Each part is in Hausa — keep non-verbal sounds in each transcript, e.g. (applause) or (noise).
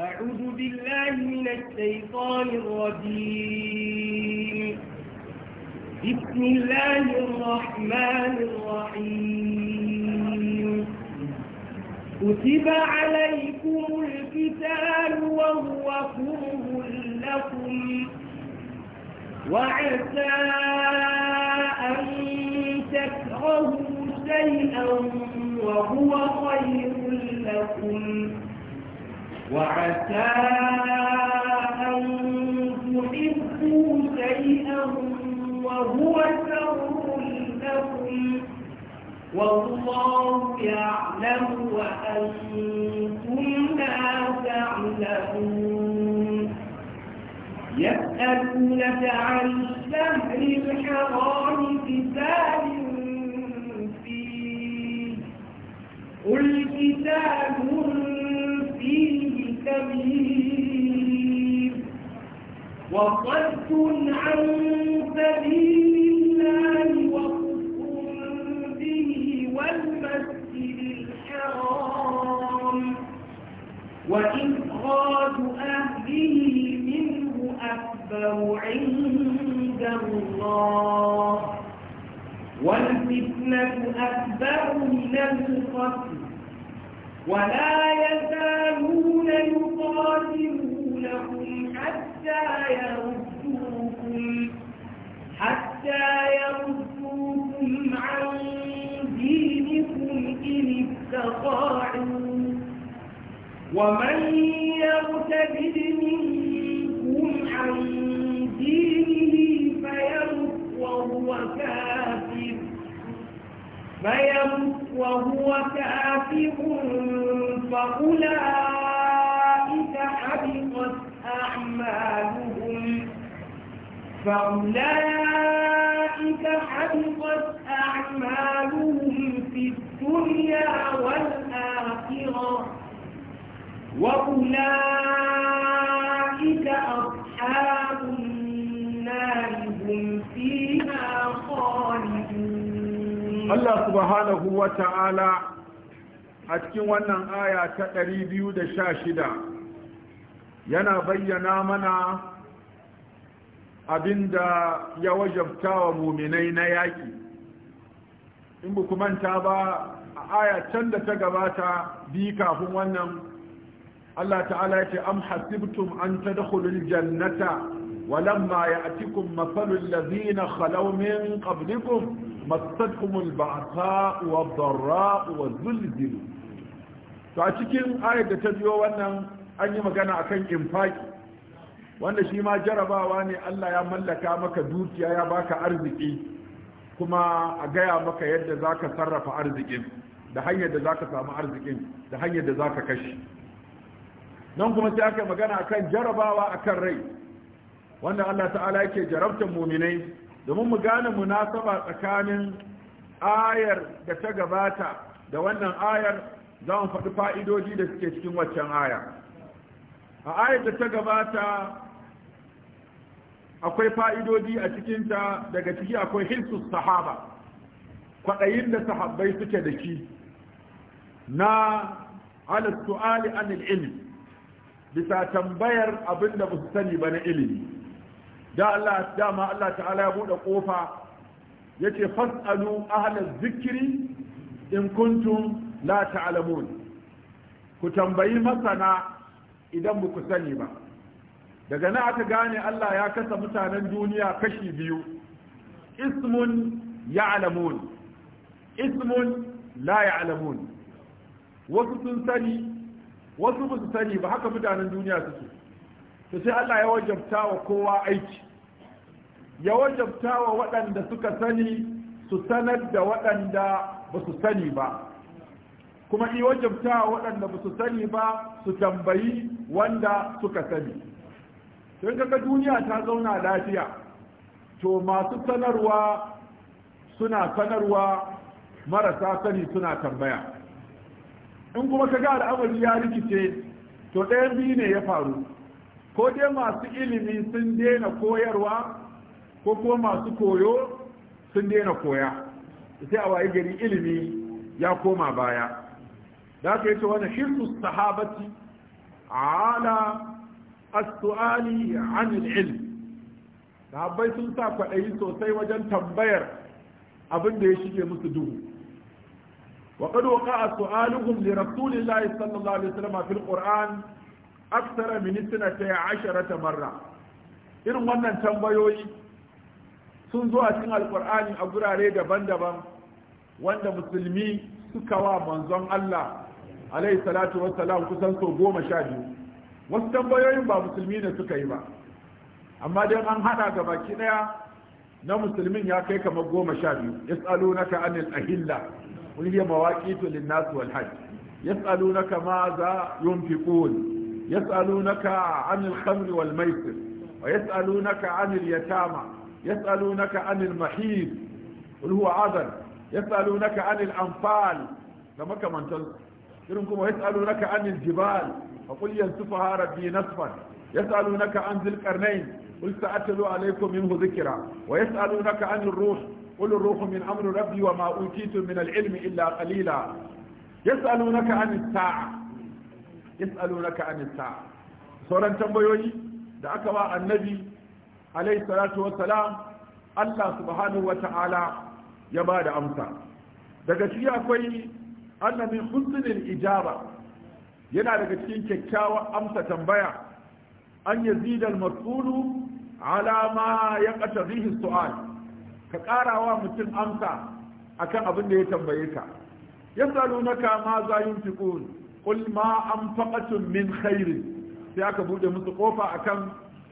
أعوذ بالله من الشيطان الرجيم بسم الله الرحمن الرحيم كتب عليكم الكتاب وهو كره لكم وعسى أن تكرهوا شيئا وهو خير لكم وعسى أن تحبوا شيئا وهو شر لكم والله يعلم وأنتم لا تعلمون يسألونك عن الشهر الحرام كتاب فيه قل كتاب وصد عن سبيل الله وكفر به والمسجد الحرام وإخراج أهله منه أكبر عند الله والفتنة أكبر من القتل ولا يزالون يقاتلونهم حتى حتى يردوكم حتى يردوكم عن دينكم إن استطاعوا ومن يرتد منكم عن دينه فيمت وهو كافر فيمت وهو كافر فأولئك حبطت أعمالهم فأولئك حبطت أعمالهم في الدنيا والآخرة وأولئك أصحاب النار هم فيها خالدون الله سبحانه وتعالى أتكي وانا آيات aya دشاشدة 216 yana bayyana Abin da ya wajabta wa muminai na yaki in bukumanta ba a aya can da ta gabata bi kafin wannan Allah ta'ala ya ce am hasibtum an ta tadkhulul jannata walamma ya'tikum mafalul ladina khalaw min qablikum mastadkhum al ba'tha wa dharra wa zulzil to a cikin ayat da ta biyo wannan an yi magana akan infaki wanda shi ma jarabawa ne Allah ya mallaka maka dukiya ya baka arziki kuma a gaya maka yadda za ka sarrafa arzikin da hanyar da za ka samu arzikin da hanyar da za ka kashi nan kuma sai aka magana akan jarabawa akan rai wanda Allah ta'ala yake jarabtar muminai domin mu gane munasaba tsakanin ayar da ta gabata da wannan ayar za mu faɗi fa'idoji da suke cikin waccan aya a ayar da ta gabata akwai fa'idodi a cikinta daga ciki akwai hirsus sahaba kwaɗayin da sahabbai suke da shi na su'ali an ilmi bisa tambayar abin da su sani ba na ilimi da Allah dama Allah ta'ala ya buɗe ƙofa ya ce fas'alu ahalar zikiri in kuntum la ta'alamun ku tambayi masana idan ba ku sani ba daga na aka gane Allah ya kasa mutanen duniya kashi biyu ismun ya'lamun ismun la ya'lamun wasu sun sani wasu ba su sani ba haka mutanen duniya suke to sai Allah ya wajabta wa kowa aiki ya wajabta wa waɗanda suka sani su sanar da waɗanda ba su sani ba kuma iya wajabta wa waɗanda ba su sani ba su tambayi wanda suka sani don kaga duniya ta zauna lafiya to masu sanarwa suna sanarwa marasa sani suna tambaya in kuma kaga al'amari ya rikice to ɗayan biyu ne ya faru ko dai masu ilimi sun daina koyarwa ko kuma masu koyo sun daina koya sai a waye gari ilimi ya koma baya da aka yi ta wani shirku sahabati ala as-su'ali 'an al-ilm sahabbai sun sa kwaɗayi sosai wajen tambayar abin da ya shige musu duhu wa qad waqa'a su'aluhum li rasulillahi sallallahu alaihi wasallam al qur'an akthara min 12 marra irin wannan tambayoyi sun zo a cikin alkur'ani a gurare daban-daban wanda musulmi suka wa manzon Allah alaihi salatu wassalam kusan sau goma sha biyu wasu tambayoyin ba musulmi ne suka yi ba amma dai an hada ga baki ɗaya na musulmin ya kai kamar goma sha biyu Ya yas'alunaka anil ahilla qul hiya mawaqitu lin-nas wal hajj yas'alunaka ma za yunfiqun yas'alunaka anil khamr wal maisir wa ya yas'alunaka anil yatama yas'alunaka anil mahid qul huwa adan yas'alunaka anil anfal da makamantan irin kuma ya yas'alunaka anil jibal فقل ينسفها ربي نسفا يسألونك عن ذي القرنين قل سأتلو عليكم منه ذكرا ويسألونك عن الروح قل الروح من أمر ربي وما أوتيتم من العلم إلا قليلا يسألونك عن الساعة يسألونك عن الساعة sauran tambayoyi da aka wa annabi alaihi salatu wassalam Allah subhanahu wata'ala ya ba da amsa daga shi akwai anna min husnil ijaba yana daga cikin kyakkyawar amsa tambaya an yazida al-mas'ulu ala ma yaqtadhihi su'al ka karawa mutum amsa akan abin da ya tambaye ka yasalunaka ma za yunfiqun qul ma anfaqatum min khairin sai aka bude musu kofa akan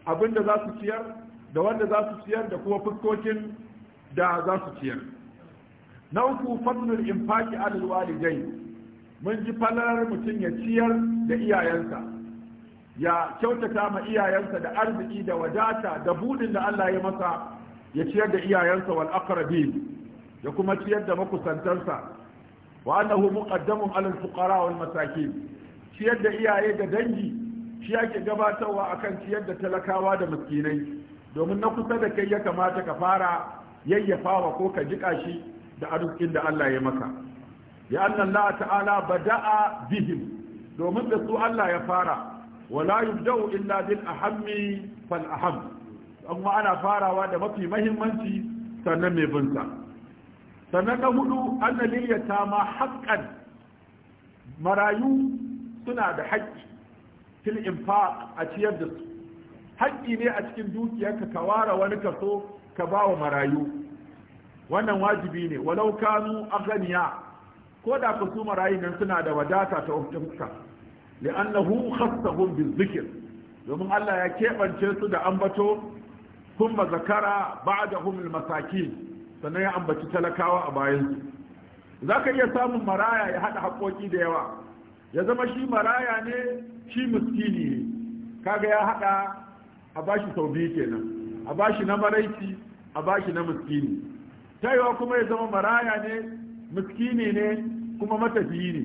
abin da za su ciyar da wanda za su ciyar da kuma fuskokin da za su ciyar na uku fadlul infaqi alal walidai mun ji falar mutum ya ciyar da iyayensa ya kyautata ma iyayensa da arziki da wadata da budin da Allah ya masa ya ciyar da iyayensa wal aqrabin ya kuma ciyar da makusantarsa wa annahu muqaddamun alal fuqara wal masakin ciyar da iyaye da dangi shi yake gabatarwa akan ciyar da talakawa da miskinai domin na kusa da kai ya kamata ka fara yayyafawa ko ka jika shi da arzikin da Allah ya maka لأن ta'ala تعالى بدأ بهم domin da su Allah ya fara wala yubda'u illa bil ahammi fal aham amma ana farawa da mafi mahimmanci sannan mai binta sannan na hudu ta yatama haqqan marayu suna da haƙƙi fil infaq a ciyar da su haƙƙi ne a cikin dukiyarka ka ware wani kaso ka ba wa marayu wannan wajibi ne walau kanu aghniya ko da ku su marayi nan suna da wadata ta oftinka li'annahu khassahum bizikr domin Allah ya keɓance su da ambato kuma zakara ba'dahum masaki sannan ya ambaci talakawa a bayan su zaka iya samun maraya ya hada haƙoƙi da yawa ya zama shi maraya ne shi miskini ne kaga ya haɗa a bashi sau biyu kenan a bashi na maraici a bashi na miskini ta kuma ya zama maraya ne miskini ne kuma matafiyi ne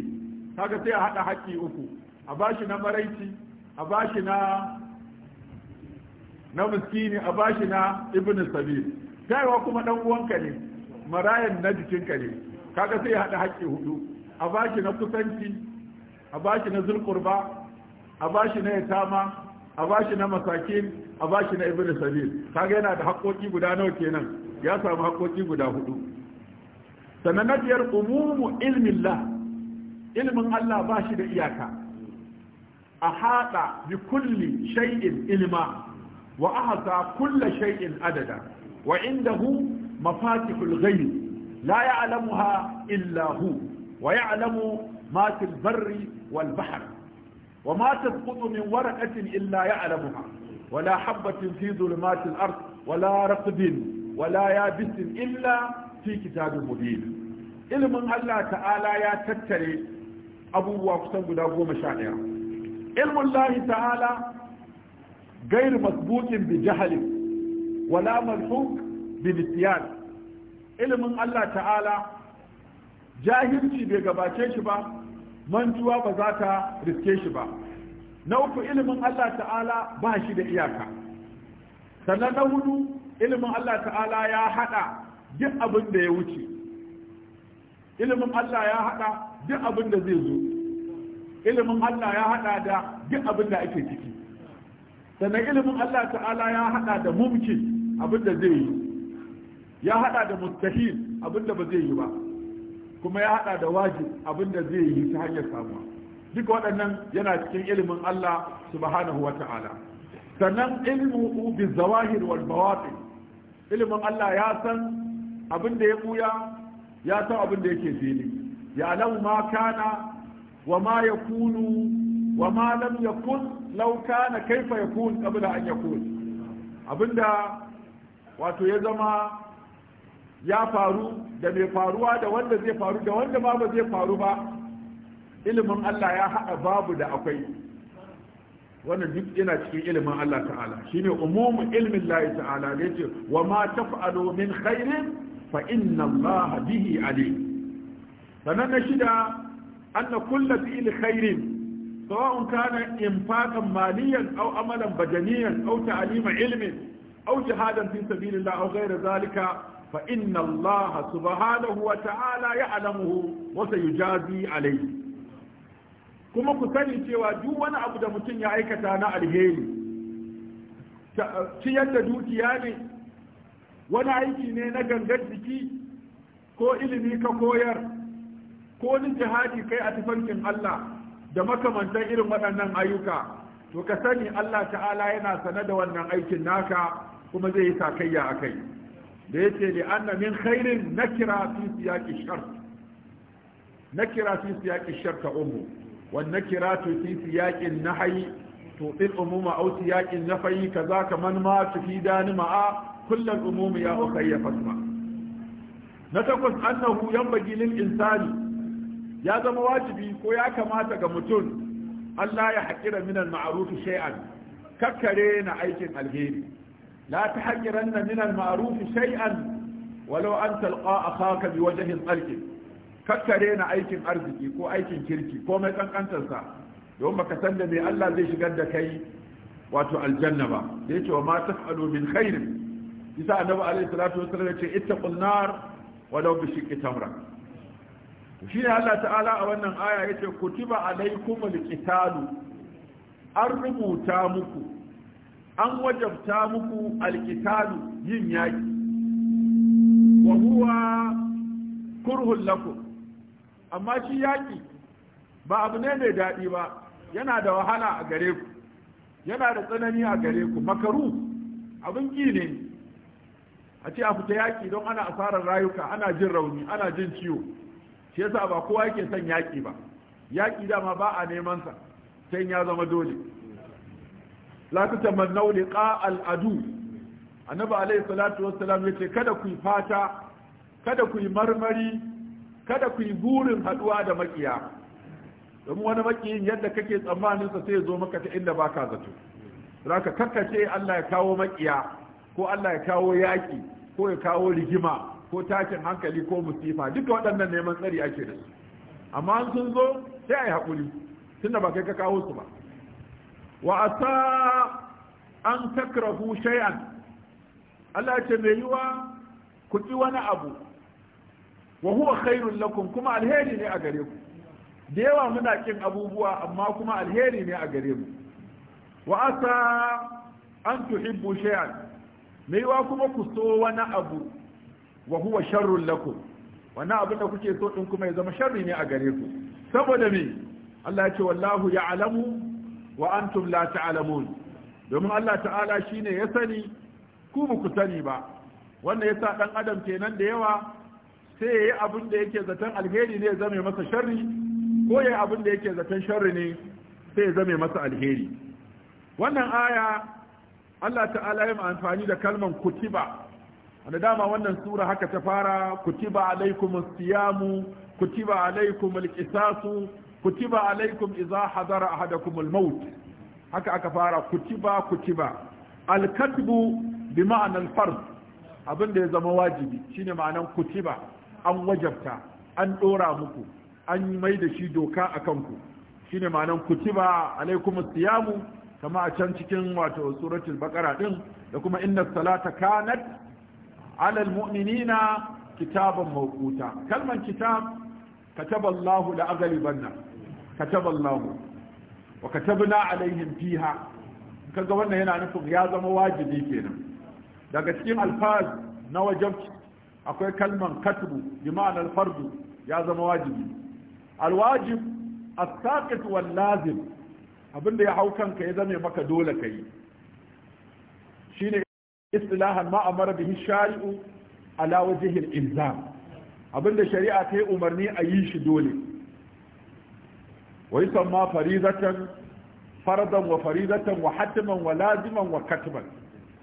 kaga sai a hada haƙƙi uku a bashi na maraici a bashi na na miskini a bashi na ibn sabil kaiwa kuma dan uwanka ne marayan na jikinka ne kaga sai ya hada haƙƙi hudu a bashi na kusanci a bashi na zulqurba a bashi na yatama a bashi na masakin a bashi na ibn sabir kaga yana da haƙƙoƙi guda nawa kenan ya samu haƙƙoƙi guda hudu sannan na biyar umumu ilmin la ilmin Allah ba shi da iyaka a haɗa bi kulli shay'in ilma wa ahata kulla shay'in adada wa indahu mafatihul ghaib la ya'lamuha illa hu wa ya'lamu ma fil barri wal bahr wa ma tasqutu min waraqatin illa ya'lamuha ولا حبة في ظلمات الأرض ولا رقب ولا يابس إلا fi kitabin mubin ilimin Allah ta'ala ya tattare abubuwa kusan guda goma sha ɗaya ta'ala gairu masbukin bi jahalin wala malhuk bi nisiyan ilimin Allah ta'ala jahilci bai gabace shi ba mantuwa ba za ta riske shi ba na uku ilimin Allah ta'ala ba shi da iyaka sannan na hudu ilimin Allah ta'ala ya hada duk abin da ya wuce ilimin Allah ya hada duk abin da zai zo ilimin Allah ya hada da duk abin da ake ciki sannan ilimin Allah ta'ala ya hada da mumkin abin da zai yi ya hada da mustahil abin da ba zai yi ba kuma ya hada da wajib abin da zai yi ta hanyar samuwa duka waɗannan yana cikin ilimin Allah subhanahu wa ta'ala sannan ilmu bi zawahir wal bawatin ilimin Allah ya san Abinda ya buya ya san abinda yake fili ya alamu ma kana wa ma ya kunu wa ma lam ya kun lau kana kaifa ya kun kabila an ya kun Abinda wato ya zama ya faru da mai faruwa da wanda zai faru da wanda ma ba zai faru ba ilimin Allah ya haɗa babu da akwai wannan duk yana cikin ilimin Allah ta'ala shine umumu ilmin Allah ta'ala da yace wa ma taf'alu min khairin fa inna Allah bihi alim sannan na shida an na kulla fi il khairin sawa'un kana infaqan maliyan aw amalan bajaniyan aw ta'lima ilmin aw jihadan fi sabilillah aw ghayra zalika fa inna Allah subhanahu wa ta'ala ya'lamuhu wa sayujazi alayhi kuma ku sani cewa duk wani abu da mutum ya aikata na alheri ci yadda dukiya ne wani aiki ne na gangar jiki ko ilimi ka koyar ko wani jihadi kai a tafarkin Allah da makamantan irin waɗannan ayyuka to ka sani Allah ta'ala yana sane da wannan aikin naka kuma zai yi sakayya a kai da ya ce li'anna min khairin nakira fi siyaqi shart nakira fi siyaqi shart ta ummu wan nakiratu fi siyaqin nahyi to bil umuma aw siyaqin nafayi kaza kamar ma dani ma'a kullal umumi ya ukayya na takwas annahu yanbaghi lil insani ya zama wajibi ko ya kamata ga mutum Allah ya haƙira minal ma'ruf shai'an, kakkare na aikin alheri la tahqiranna minal ma'ruf shay'an walau an talqa akhaka biwajhin alkin kakkare na aikin arziki ko aikin kirki ko mai kankantarsa don baka san da me Allah zai shigar da kai wato aljanna ba da yake wa ma taf'alu min khairin kisa annabi alaihi salatu wasallam yace ittaqul nar walau bi shiqqi tamra shi ne Allah ta'ala a wannan aya yace kutiba alaikumul alqitalu an rubuta muku an wajabta muku alqitalu yin yaki wa huwa kurhun lakum amma shi yaki ba abu ne mai daɗi ba yana da wahala a gare ku yana da tsanani a gare ku makaru abin kine a ce a fita yaƙi don ana asarar rayuka ana jin rauni ana jin ciwo shi yasa ba kowa yake son yaƙi ba yaƙi dama ba a neman sa sai ya zama dole la tatamannu liqa al-adu annabi alayhi salatu wassalam yace kada ku fata kada ku yi marmari kada ku yi burin haduwa da makiya domin wani makiyin yadda kake tsammanin sa sai zo maka ta inda baka zato zaka kakkace Allah ya kawo makiya ko Allah ya kawo yaki ko ya kawo rigima ko tashin hankali ko musifa duka waɗannan neman tsari ake da su amma an sun zo sai a yi haƙuri tun da ba kai ka kawo su ba wa sa an takrahu shay'an Allah ce mai yiwa ku ki wani abu wa huwa khairun lakum kuma alheri ne a gare ku da yawa muna kin abubuwa amma kuma alheri ne a gare mu wa asa an tuhibbu shay'an Maiwa kuma ku so wani abu wa huwa sharrun lakum wannan abin da kuke so ɗin kuma ya zama sharri ne a gare ku saboda me Allah ya ce wallahu ya'lamu wa antum la ta'lamun domin Allah ta'ala shine ya sani ku ba ku sani ba wannan yasa dan adam kenan da yawa sai yayi abin da yake zaton alheri ne ya zame masa sharri ko yayi abin da yake zaton sharri ne sai ya zame masa alheri wannan aya Allah ta'ala ya amfani da kalman kutiba da dama wannan sura haka ta fara kutiba alaikum siyamu kutiba alaikum alqisasu kutiba alaikum idza hadara ahadakum haka aka fara kutiba kutiba alkatbu bi ma'ana Fars abin da ya zama wajibi shine ma'anan kutiba an wajabta an ɗora muku an mai da shi doka akan ku shine ma'anan kutiba alaikum siyamu kama a can cikin wato suratul baqara din da kuma inna salata kanat alal mu'minina kitaban mawquta kalman kitab kataba Allahu la aghlibanna kataba Allahu wa katabna alaihim fiha kaga wannan yana nufin ya zama wajibi kenan daga cikin alfaz na wajibci akwai kalman katbu bi ma'anar fardu ya zama wajibi alwajib as-saqit wal lazim abinda ya hau kanka ya zame maka dole ka yi shine istilahan ma amara bihi shari'u ala wajhi ilzam abinda shari'a ta yi umarni a yi shi dole san ma faridatan fardan wa faridatan wa hatiman wa laziman wa katban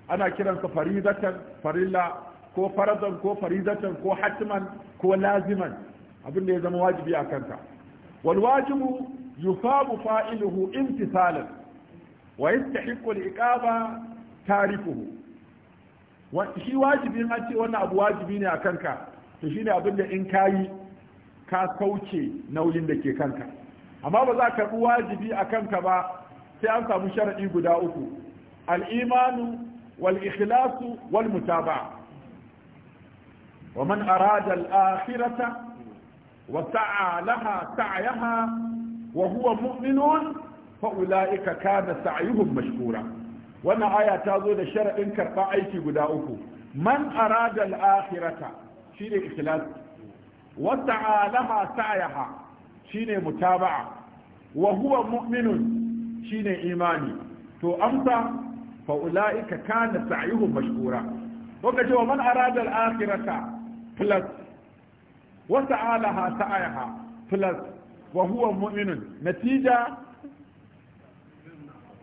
ana kiransa faridatan farilla ko fardan ko faridatan ko hatiman ko laziman abinda ya zama wajibi a kanka wal wajibu yusabu fa'iluhu imtisalan wa yastahiqqu al-iqaba tarikuhu wa shi wajibi in an ce wannan abu wajibi ne a kanka to shine abin da in kayi ka sauke nauyin da ke kanka amma ba za ka karɓi wajibi a kanka ba sai an samu sharaɗi guda uku al'imanu wal ikhlasu wal mutabaa. wa man arada al-akhirata wa sa'a laha wa huwa mu'minun fa ulaika kana sa'yuhum mashkura wannan aya ta zo da sharaɗin karba aiki guda uku man arada al-akhirata shine ikhlas wa ta'alama sa'yaha shine mutaba'a wa huwa mu'minun shine imani to amsa fa ulaika kana sa'yuhum mashkura lokaci wa man plus plus wa huwa mu'minun natija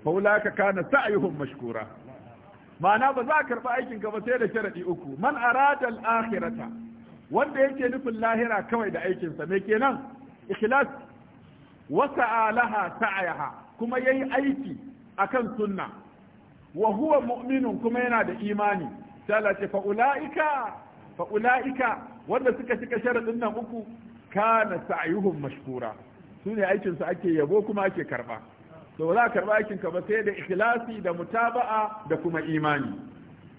faulaka kana sa'yuhum mashkura ma'ana ba za a karba aikin ka ba sai da sharadi uku man arada al wanda yake nufin lahira kawai da aikin sa me kenan ikhlas wa sa'alaha sa'yaha kuma yayi aiki akan sunna wa huwa kuma yana da imani sai Allah ce fa ulaika fa wanda suka cika sharadin nan uku kana sa'ayuhum mashkura su ne aikin su ake yabo kuma ake karba to ba za ka karba aikin ka ba sai da ikhlasi da mutaba'a da kuma imani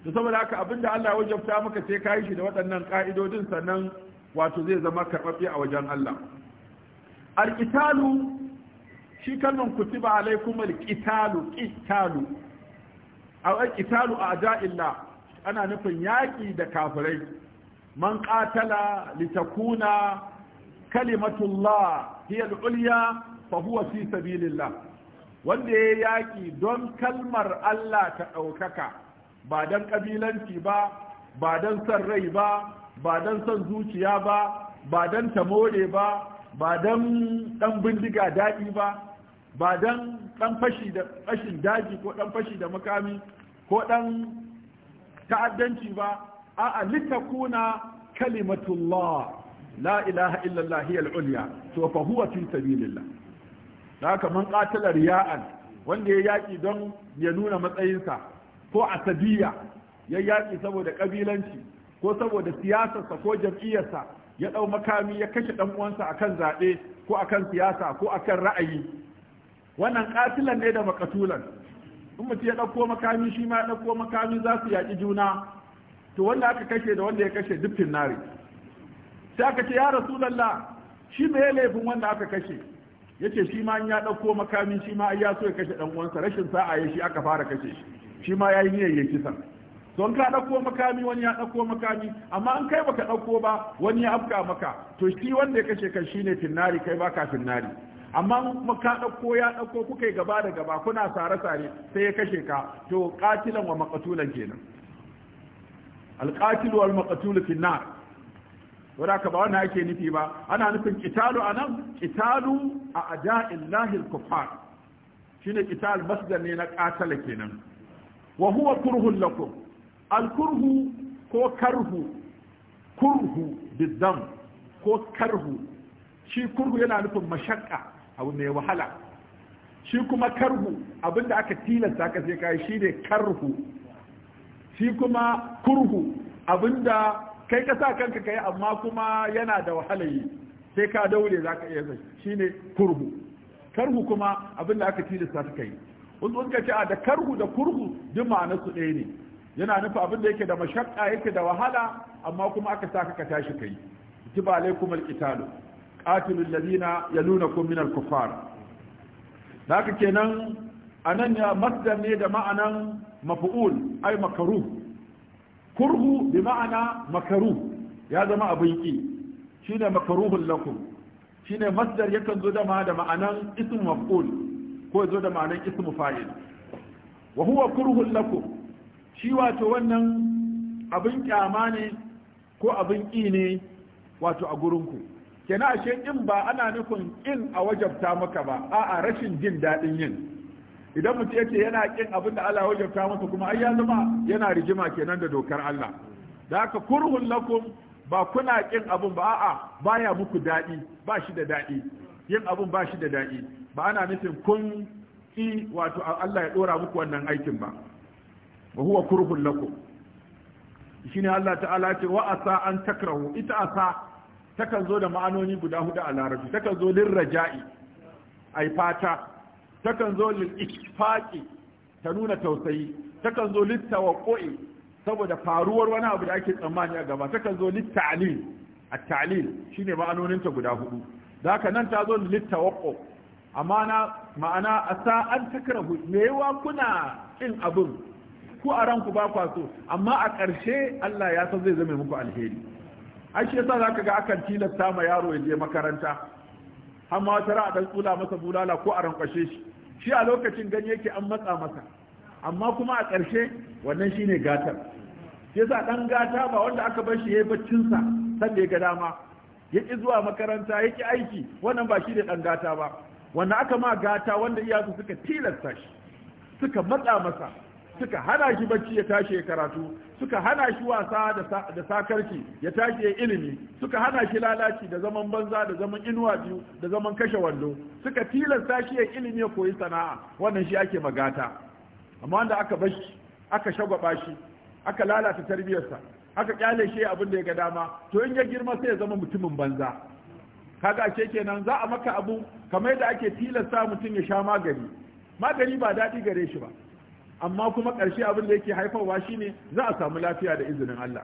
to saboda haka abinda Allah ya wajabta maka sai ka yi shi da waɗannan ka'idodin sannan wato zai zama karɓaɓɓe a wajen Allah al-qitalu shi kalman kutiba alaikum al-qitalu qitalu aw al-qitalu ana nufin yaƙi da kafirai man qatala litakuna kalimatullah hiya al-ulya fa huwa fi sabilillah wanda ya yaƙi don kalmar Allah ta ɗaukaka ba don ƙabilanci ba ba don son rai ba ba don son zuciya ba ba don tamore ba ba don ɗan bindiga daɗi ba ba don ɗan fashi da fashin daji ko ɗan fashi da makami ko ɗan ta'addanci ba a'a litakuna kalimatullah la ilaha illallah hiya al-ulya to fa huwa fi sabilillah haka man qatala wanda ya yaki don ya nuna matsayinsa ko asabiya ya yaƙi saboda kabilanci ko saboda siyasarsa ko jam'iyyarsa ya ɗau makami ya kashe ɗan uwansa akan zaɓe, ko akan siyasa ko akan ra'ayi wannan ƙatilan ne da makatulan in mutum ya ɗauko makami shi ma ya ɗauko makami za su yaƙi juna to wanda aka kashe da wanda ya kashe dukkan nare sai aka ce ya rasulullah shi me laifin wanda aka kashe ya ce shi ma ya dauko makamin shi ma ya so ya kashe ɗan uwansa rashin sa'a ya shi aka fara kashe shi shi ma yi niyyar ya kisa to ka dauko makami wani ya dauko makami amma an kai baka ɗauko ba wani ya afka maka to shi wanda ya kashe kan shi ne finnari kai ba ka finnari amma maka ɗauko ya ɗauko kuka yi gaba da gaba kuna sare-sare sai ya kashe ka to katilan wa makatulan kenan alƙatil wal wadda ka ba wannan ake nufi ba ana nufin kitalu anan kitalu a ada'illahi al shine kital masdar ne na qatala kenan wa huwa kurhun lakum al-kurhu ko karhu kurhu bidam ko karhu shi kurhu yana nufin mashakka abu mai wahala shi kuma karhu abinda aka tilasta ka sai kai ne karhu shi kuma kurhu abinda kai ka sa kanka kai amma kuma yana da wahala yi sai ka daure za ka iya zai Shi ne kurhu karhu kuma abin da aka tilasta ta kai wasu suka ce a da karhu da kurhu duk ma'ana su ɗaya ne yana nufa abin da yake da mashakka yake da wahala amma kuma aka sa ka tashi kai tiba alaikum alqitalu qatilul ladina yalunakum min al-kuffar haka kenan anan ya masdar ne da ma'anan maf'ul ai makruh kurhu bi ma'ana makaruh ya zama abin ki shine makaruhun lakum shine masdar yakan zo da da ma'anan ism maf'ul ko zo da ma'anan ism fa'il wa huwa kurhul lakum shi wato wannan abin kyama ne ko abin ki ne wato a gurinku kenan ashe in ba ana nufin in a wajabta maka ba a'a rashin jin daɗin yin idan mutum yake yana kin abin da Allah ya wajabta masa kuma ai ya zama yana rigima kenan da dokar Allah da haka kurhun lakum ba kuna kin abin ba a'a baya muku daɗi ba shi da daɗi yin abin ba shi da daɗi ba ana nufin kun ki wato Allah ya dora muku wannan aikin ba wa huwa kurhun lakum shine Allah ta'ala ce wa asa an takrahu ita asa takan zo da ma'anoni guda hudu a larabci takan zo lirraja'i ai fata takan zo lil ikfaqi ta nuna tausayi takan zo lit ƙo'i saboda faruwar wani abu da ake tsammani a gaba takan zo lit ta'lil talil shine ma'anonin guda hudu da haka nan ta zo ƙo. Amma na ma'ana asa an takrahu mewa kuna kin abun ku a ranku ba kwa so amma a ƙarshe Allah ya san zai zama muku alheri ai shi yasa zaka ga akan tilasta ma yaro ya je makaranta har ma wata ra'a dan tsula masa bulala ko a rankwashe shi shi a lokacin gani yake an matsa masa amma kuma a ƙarshe wannan shine gatar yasa ɗan gata ba wanda aka bar shi yayi baccin sa sanda ya ga dama ya ƙi zuwa makaranta ya ƙi aiki wannan ba shi ne dan gata ba wanda aka ma gata wanda iyasu suka tilasta shi suka matsa masa suka hana shi bacci ya tashi ya karatu suka hana shi wasa da sakarci ya tashi ya ilimi suka hana shi lalaci da zaman banza da zaman inuwa biyu da zaman kashe wando suka tilasta shi ya ilimi ya koyi sana'a wannan shi ake magata amma wanda aka bashi aka shagwaba shi aka lalata tarbiyarsa aka kyale shi abin da ya ga dama to in ya girma sai ya zama mutumin banza kaga ce kenan za a maka abu kamar da ake tilasta mutum ya sha magani magani ba daɗi gare shi ba amma kuma ƙarshe abin da yake haifarwa shine za a samu lafiya da izinin Allah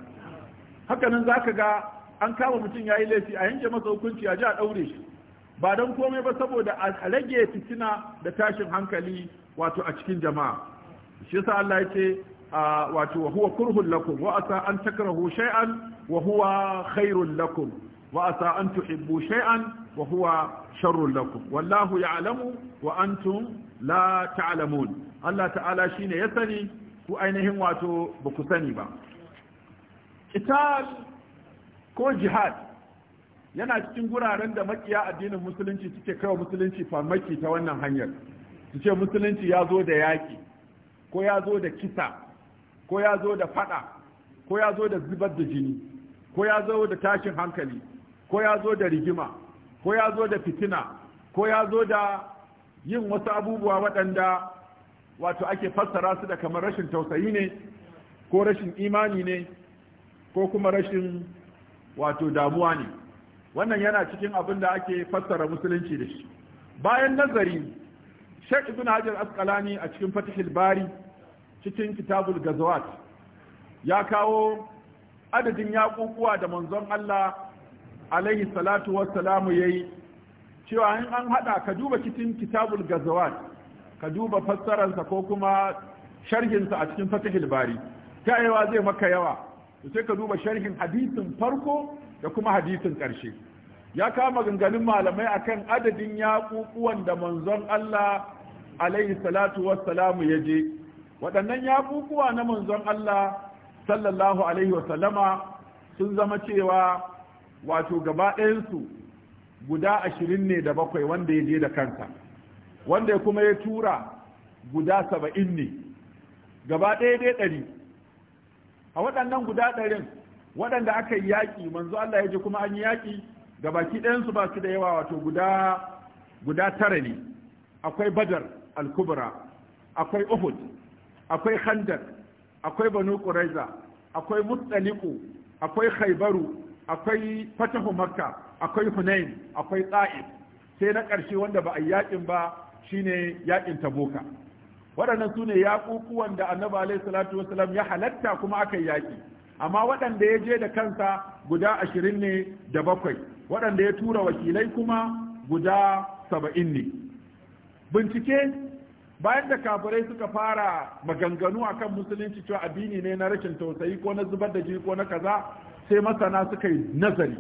hakanan za ka ga an kama mutum ya yi laifi a yanke masa hukunci a ji a ɗaure shi ba don komai ba saboda a rage fitina da tashin hankali wato a cikin jama'a shi yasa Allah ce wato wa huwa kurhun lakum wa asa an takrahu shay'an wa huwa khairul lakum wa asa an tuhibbu shay'an wa huwa sharrul lakum wallahu ya'lamu wa antum la ta'lamun Allah ta'ala shi ne ya sani ku ainihin wato ba ku sani ba qital ko jihad yana cikin guraren da makiya addinin musulunci suke kawo musulunci farmaki ta wannan hanyar su ce musulunci ya zo da yaƙi ko ya zo da kisa ko ya zo da faɗa, ko ya zo da zubar da jini ko ya zo da tashin hankali ko ya zo da rigima ko ya zo da fitina ko ya zo da yin wasu abubuwa waɗanda wato ake fassara su da kamar rashin tausayi ne ko rashin imani ne ko kuma rashin wato damuwa ne wannan yana cikin abin da ake fassara musulunci da shi bayan nazari Sheikh Ibn Hajar Asqalani a cikin Fatihul Bari cikin Kitabul Gazawat ya kawo adadin yaƙuƙuwa da manzon Allah alaihi salatu wassalamu yayi cewa in an hada ka duba cikin Kitabul Gazawat ka duba fassararsa ko kuma sharhinsa a cikin fatihil bari ta yawa zai maka yawa to sai ka duba sharhin hadisin farko da kuma hadisin ƙarshe ya kama ganganin malamai akan adadin yaƙuƙuwan da manzon Allah alaihi salatu wassalamu ya je waɗannan yaƙuƙuwa na manzon Allah sallallahu alaihi wasallama sun zama cewa wato gaba ɗayansu guda ashirin ne da bakwai wanda ya je da kansa wanda ya kuma ya tura guda saba'in ne gaba ɗaya dai ɗari a waɗannan guda ɗarin waɗanda aka yi yaƙi manzo Allah ya ji kuma an yi yaƙi ga baki ɗayansu ba su da yawa wato guda tara ne akwai badar alkubra akwai uhud akwai Handak. akwai banu quraiza akwai mutsaliku akwai khaybaru akwai fatahu makka akwai hunain akwai ta'if sai na ƙarshe wanda ba a yi yaƙin ba shine yakin taboka waɗannan sune ne da annabi alaihi salatu wasalam ya halatta kuma aka yaƙi amma waɗanda ya je da kansa guda ashirin ne da bakwai waɗanda ya tura wakilai kuma guda saba'in ne bincike bayan da kafirai suka fara maganganu akan musulunci cewa addini ne na rashin tausayi ko na zubar da jini ko na kaza sai masana suka yi nazari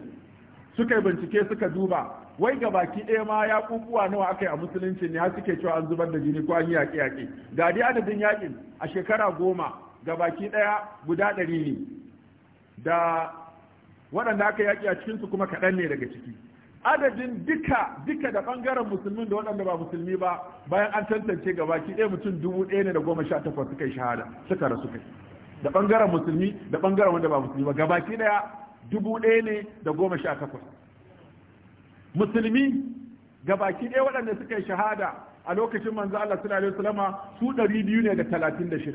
suka yi bincike suka duba wai ga baki ɗaya ma ya kukuwa nawa aka yi a musulunci ne har suke cewa an zubar da jini ko an yi yaƙi yaƙi ga dai adadin yaƙin a shekara goma ga baki ɗaya guda ɗari ne da waɗanda aka yaƙi a cikinsu kuma kaɗan ne daga ciki adadin duka duka da ɓangaren musulmin da waɗanda ba musulmi ba bayan an tantance ga baki ɗaya mutum dubu ɗaya ne da goma sha takwas suka yi shahada suka rasu kai da ɓangaren musulmi da ɓangaren wanda ba musulmi ba ga baki ɗaya dubu ɗaya ne da goma sha takwas musulmi ga baki ɗaya waɗanda suka yi shahada a lokacin manzo Allah sallallahu alaihi wasallam su biyu ne da 36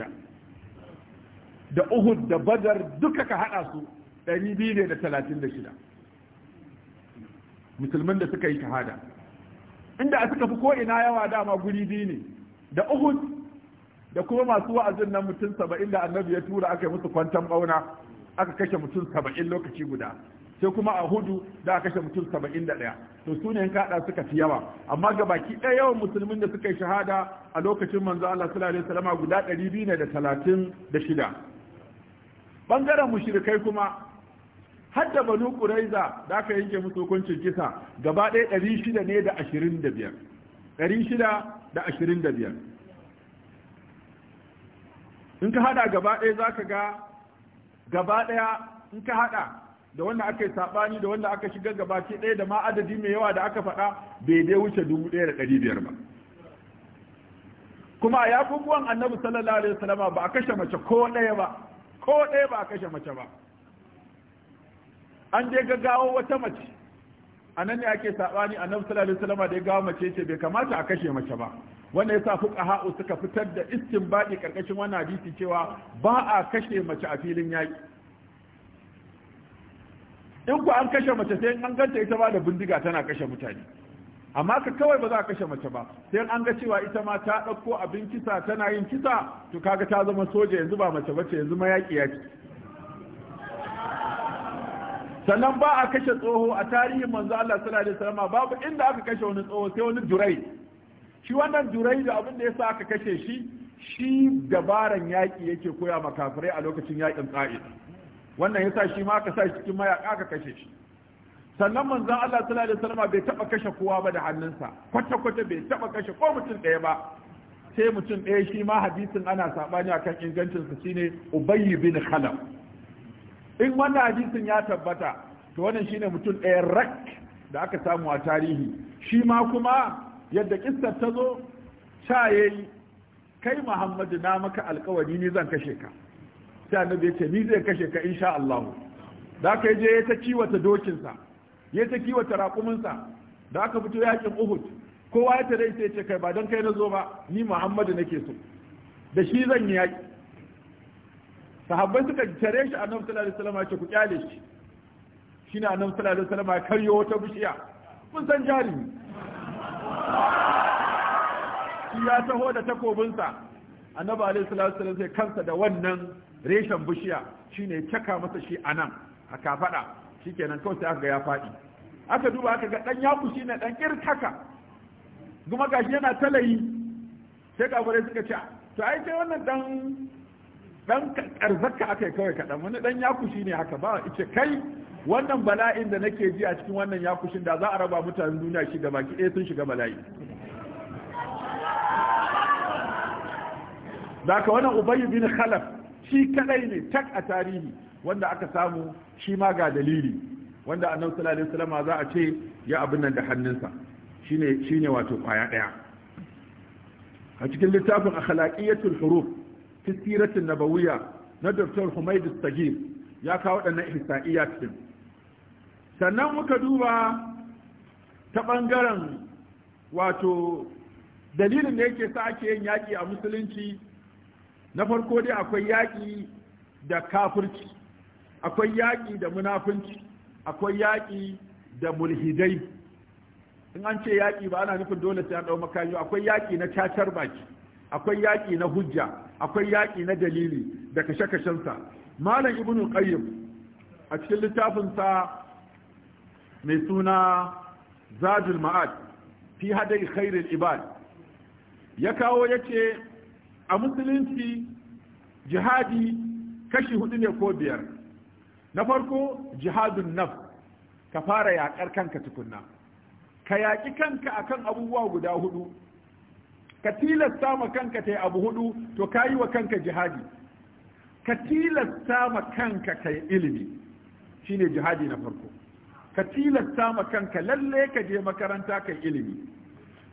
da Uhud da Badar duka ka hada su biyu ne da 36 musulmin da suka yi shahada inda a suka fi ko ina yawa dama guri biyu ne da Uhud da kuma masu wa'azin nan mutum 70 da Annabi ya tura aka yi musu kwantan bauna aka kashe mutum 70 lokaci guda sai kuma a hudu da kashe mutum saba'in ɗaya to su ne kaɗa suka fi yawa amma ga baki ɗaya yawan musulmin da suka yi shahada a lokacin manzo Allah sallallahu alaihi wasallam guda shida. bangaren mushrikai kuma hadda banu ƙuraiza da aka yanke musu hukuncin kisa gaba ɗaya ɗari shida ne da ashirin ashirin da da biyar? Ɗari shida da biyar. in ka haɗa gaba ɗaya za ka ga gaba ɗaya in ka haɗa? da wanda aka yi saɓani da wanda aka shiga gabaci ɗaya da ma adadi mai yawa da aka faɗa bai dai wuce dubu ɗaya da ɗari biyar ba kuma a yakubuwan annabi sallallahu alaihi wasallama ba a kashe mace ko ɗaya ba ko ɗaya ba a kashe mace ba an je gaggawo wata mace a nan ne ake saɓani annabi sallallahu alaihi wasallama da ya gawo mace ce bai kamata a kashe mace ba wanda fuka ha'u suka fitar da baɗi ƙarƙashin wani hadisi cewa ba a kashe mace a filin yaƙi in ku an kashe mace sai an ganta ita ba da bindiga tana kashe mutane amma ka kawai ba za a kashe mace ba sai an ga cewa ita ma ta ɗauko abin kisa tana yin kisa to kaga ta zama soja yanzu ba mace bace yanzu mayaƙi yaki sannan ba a kashe tsoho a tarihin manzo Allah sallallahu alaihi wasallam babu inda aka kashe wani tsoho sai wani durai shi wannan durai da abin da yasa aka kashe shi shi dabaran yaƙi yake koya makafirai a lokacin yaƙin tsa'id wannan yasa shi ma aka sa shi cikin mayaka ka kashe shi sannan manzon Allah sallallahu alaihi wasallam bai taba kashe kowa ba da hannunsa kwata kwata bai taba kashe ko mutum ɗaya ba sai mutum ɗaya shi ma hadisin ana sabani akan ingancin sa shine Ubay bin Khalaf in wannan hadisin ya tabbata to wannan shine mutum ɗaya rak da aka samu a tarihi shi ma kuma yadda kissar ta zo sha yayi kai Muhammadu na maka alkawari ne zan kashe ka sai annabi ya ce ni zai kashe ka insha Allah da aka je ya ta kiwata dokinsa ya ta kiwata raƙuminsa da aka fito yakin Uhud kowa ya tare sai ce kai ba don kai na zo ba ni Muhammadu nake so da shi zan yi yaki sahabbai suka tare shi annabi sallallahu alaihi wasallam ya ce ku kyale shi shine annabi sallallahu alaihi wasallam ya karyo wata bishiya kun san jarumi ya taho da takobinsa annabi alaihi salatu wasallam sai kansa da wannan reshen bishiya shine caka masa shi anan a kafaɗa shi kenan kawai sai aka ga ya faɗi aka duba aka ga ɗan yaku shine dan irtaka kuma shi yana talayi sai gwarai suka ce to ai sai wannan ɗan ɗan arzaka aka yi kawai kaɗan wani yaku yakushi ne haka ba ice kai wannan bala'in da nake ji a cikin wannan yakushin da za a raba mutanen duniya shi gaba ki sun shiga bala'i da ka wannan ubayy bin khalaf shi kadai ne tak a tarihi wanda aka samu shi ma ga dalili wanda annabi sallallahu alaihi Salama za a ce ya abin nan da hannunsa shi ne wato kwaya daya a cikin littafin akhlaqiyatul huruf fi nabawiyya na Dr. humaydu Sagir ya kawo waɗannan ihsa'iyat cikin. sannan muka duba ta ɓangaren wato dalilin da yake sa ake yin yaƙi a musulunci na farko dai akwai yaƙi da kafirci akwai yaƙi da munafunci akwai yaƙi da mulhidai in an ce yaƙi ba ana nufin dole sai an ɗau makayo. akwai yaƙi na cacar baki akwai yaƙi na hujja akwai yaƙi na dalili da kashe-kashensa malam ibnu qayyim a cikin littafin sa mai suna zadul ma'ad fi hadai khairul ibad ya kawo yace a musulunci jihadi kashi hudu ne ko biyar na farko jihadun naf ka fara yaƙar kanka tukunna ka yaƙi kanka akan abubuwa guda hudu ka tilasta ma kanka ta abu hudu to ka yi wa kanka jihadi ka tilasta ma kanka ka yi ilimi shine jihadi na farko ka tilasta ma kanka lalle ka je makaranta kai ilimi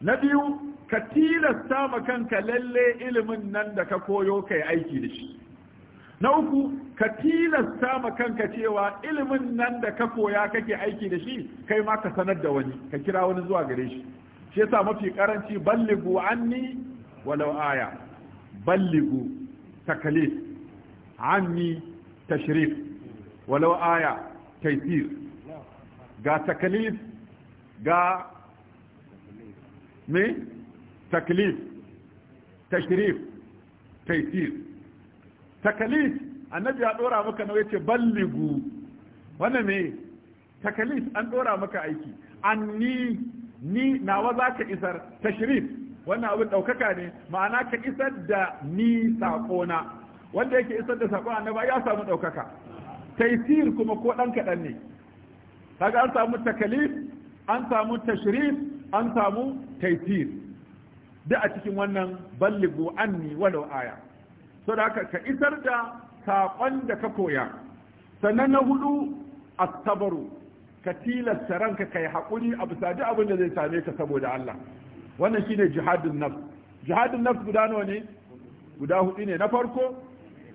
na biyu ka tilasta ma kanka lalle ilimin nan da ka koyo kai aiki da shi na uku ka tilasta ma kanka cewa ilimin nan da ka koya kake aiki da shi kai ma ka sanar da wani ka kira wani zuwa gare shi shi yasa mafi karanci balligu anni walau aya ballighu taklif anni tashrif walau aya taysir ga taklif ga me taklif tashrif taisir takalif annabi ya ɗora maka nawa yace balligu wannan me takalif an ɗora maka aiki anni ni nawa zaka isar tashrif wannan abin daukaka ne ma'ana ka isar da ni sakona wanda yake isar da sakon annaba ya samu ɗaukaka taisir kuma ko ɗan kaɗan ne kaga an samu takalif an samu tashrif an samu taisir duk a cikin wannan balligu anni walau aya so da haka ka isar da saƙon da ka koya sannan na hudu asabaru ka tilasta ranka kai haƙuri a bisa duk abin da zai same ka saboda Allah wannan shine jihadun nafs jihadun nafs guda nawa ne guda hudu ne na farko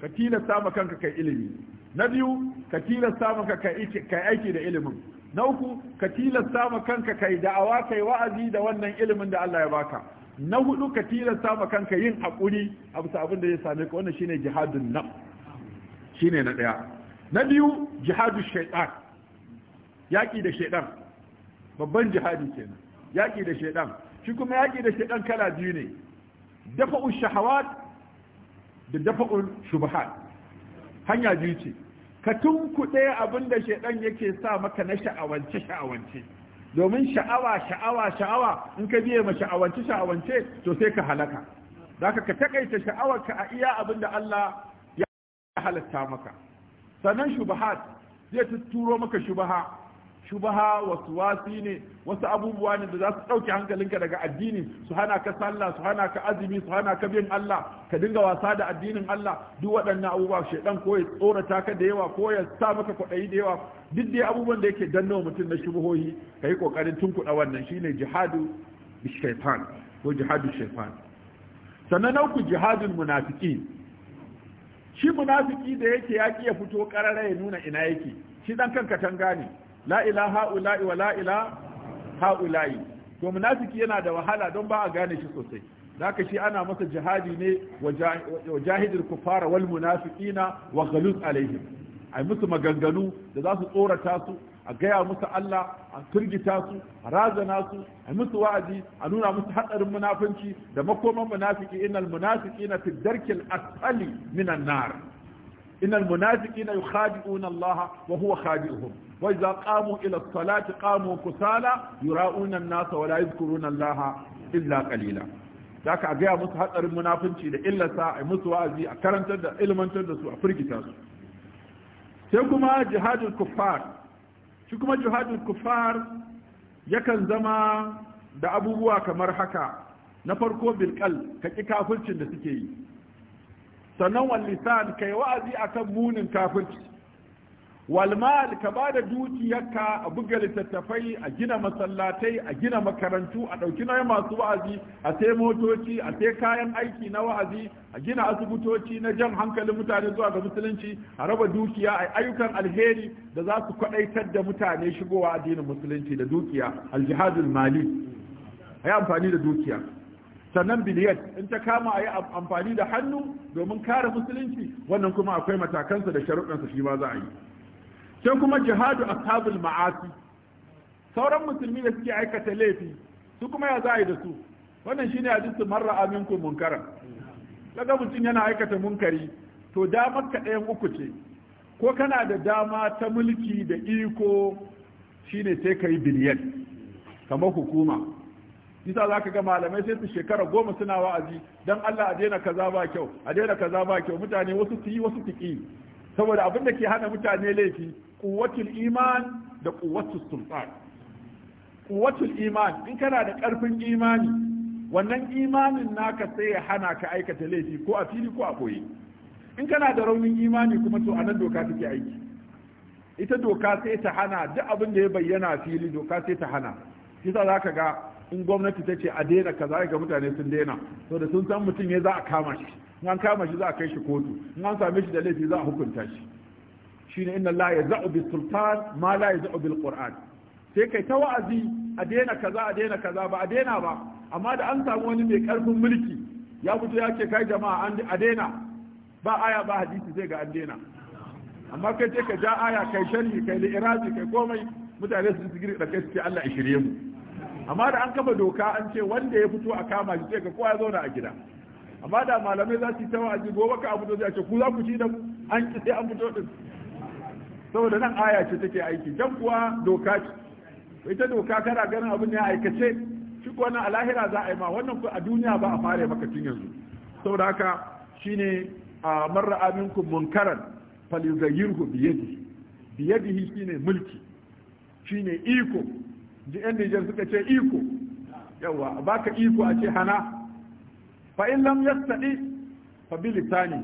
ka tilasta ma kanka kai ilimi na biyu ka tilasta ma kanka kai aiki da ilimin na uku ka tilasta ma kanka kai da'awa kai wa'azi da wannan ilimin da Allah ya baka na hudu ka tilasta ma kanka yin hakuri a bisa abin da ya same ka wannan shine jihadun na shine na daya na biyu jihadu shaitan yaki da shaitan babban jihadi kenan yaki da shaitan shi kuma yaki da shaitan kala biyu ne dafa'u shahawat da dafa'u shubahat hanya biyu ce ka tunkuɗe abin da shaitan yake sa maka na sha'awance sha'awance domin sha'awa sha'awa sha'awa in ka biye ma sha'awance sha'awance to sai ka halaka zaka ka takaita sha'awarka a iya abin da Allah ya halatta maka sannan shubahat zai turo maka shubaha shubaha wasu wasi ne wasu abubuwa ne da za su ɗauke hankalinka daga addini su hana ka sallah su hana ka azumi su hana ka bin Allah ka dinga wasa da addinin Allah duk waɗannan abubuwa shaidan ko ya tsorata ka da yawa ko ya sa maka kwaɗayi da yawa duk dai abubuwan da yake danna mutum na shubuhohi ka yi ƙoƙarin tunkuɗa wannan shine jihadu shaitan ko jihadu shaitan sannan na uku jihadul munafiki shi munafiki da yake yaƙi ya fito ƙarara ya nuna ina yake shi dan kan katanga gane. la ila ha'ula'i wa la ila ha'ula'i to munafiki yana da wahala don ba a gane shi sosai zaka shi ana masa jihadi ne wa jahidul kufara wal munafiqina wa ghaluz alaihim ai musu maganganu da za su tsorata su a gaya musu Allah a turgita su a razana su a musu wa'azi a nuna musu hatsarin munafunci da makoman munafiki innal munafiqina fi darkil asfali minan nar innal munafiqina yukhadi'una Allah wa huwa khadi'uhum Wai za qamu ila salati qamu kusala yura'una an-nasa wa la yadhkuruna Allah illa qalila zaka a gaya musu hatsarin munafunci da illarsa a musu wa'azi a karantar da ilmantar da su a firgita su sai kuma jihadul kuffar shi kuma jihadul kuffar yakan zama da abubuwa kamar haka na farko bilkal kaki ƙi kafircin da suke yi sannan wallisan kai wa'azi akan munin kafirci walmal ka ba da dukiyarka a buga littattafai a gina masallatai a gina makarantu a ɗauki na masu wa'azi a sai motoci a sai kayan aiki na wa'azi a gina asibitoci na jan hankalin mutane zuwa ga musulunci a raba dukiya a ayyukan alheri da za su kwaɗaitar da mutane shigowa addinin musulunci da dukiya aljihadul mali a yi amfani da dukiya sannan biliyat in ta kama a yi amfani da hannu domin kare musulunci wannan kuma akwai matakansa da sharuɗansa shi ma za a yi sai kuma jihadu ashabul ma'asi sauran musulmi da suke aikata laifi su kuma ya za a yi da su wannan shine hadisin marra aminku munkara kaga mutum yana aikata munkari to damar ka ɗayan uku ce ko kana da dama ta mulki da iko shine sai ka yi biliyan kamar hukuma nisa za ka ga malamai sai su shekara goma suna wa'azi don allah a daina kaza ba kyau a daina kaza ba kyau mutane wasu su yi wasu su ki saboda abin da ke hana mutane laifi kuwatul iman da kuwatul sultan kuwatul iman in kana da karfin imani wannan imanin naka sai ya hana ka aikata laifi ko a fili ko a boye in kana da raunin imani kuma to anan doka take aiki ita doka sai ta hana duk abin da ya bayyana a fili doka sai ta hana kisa za ka ga in gwamnati ta ce a daina kaza ga mutane sun daina saboda sun san mutum ya za a kama shi in an kama shi za a kai shi kotu in an same shi da laifi za a hukunta shi Shi ne inna la yaz'u bis sultan ma la yaz'u bil qur'an sai kai ta wa'azi a daina kaza a daina kaza ba a daina ba amma da an samu wani mai karfin mulki ya fito ya ce kai jama'a an a daina ba aya ba hadisi sai ga an daina amma kai ce ka ja aya kai sharhi kai li'irazi kai komai mutane su su girka, kai su ce Allah ya shirye mu amma da an kafa doka an ce wanda ya fito a kama shi sai ka kowa ya zauna a gida amma da malamai za su yi ta wa'azi gobe ka abu zai ce ku za ku ci da an ki sai an fito din saboda nan aya ce take aiki dan kuwa doka ce ita doka kana ganin abin ne aikace shi ko nan a lahira za a yi ma wannan ku a duniya ba a fare maka tun yanzu saboda haka shine a marra aminkum munkaran falyughayyirhu bi yadihi bi shine mulki shine iko ji yan Nijar suka ce iko yawa baka iko a ce hana fa in lam yastadi fa bi lisani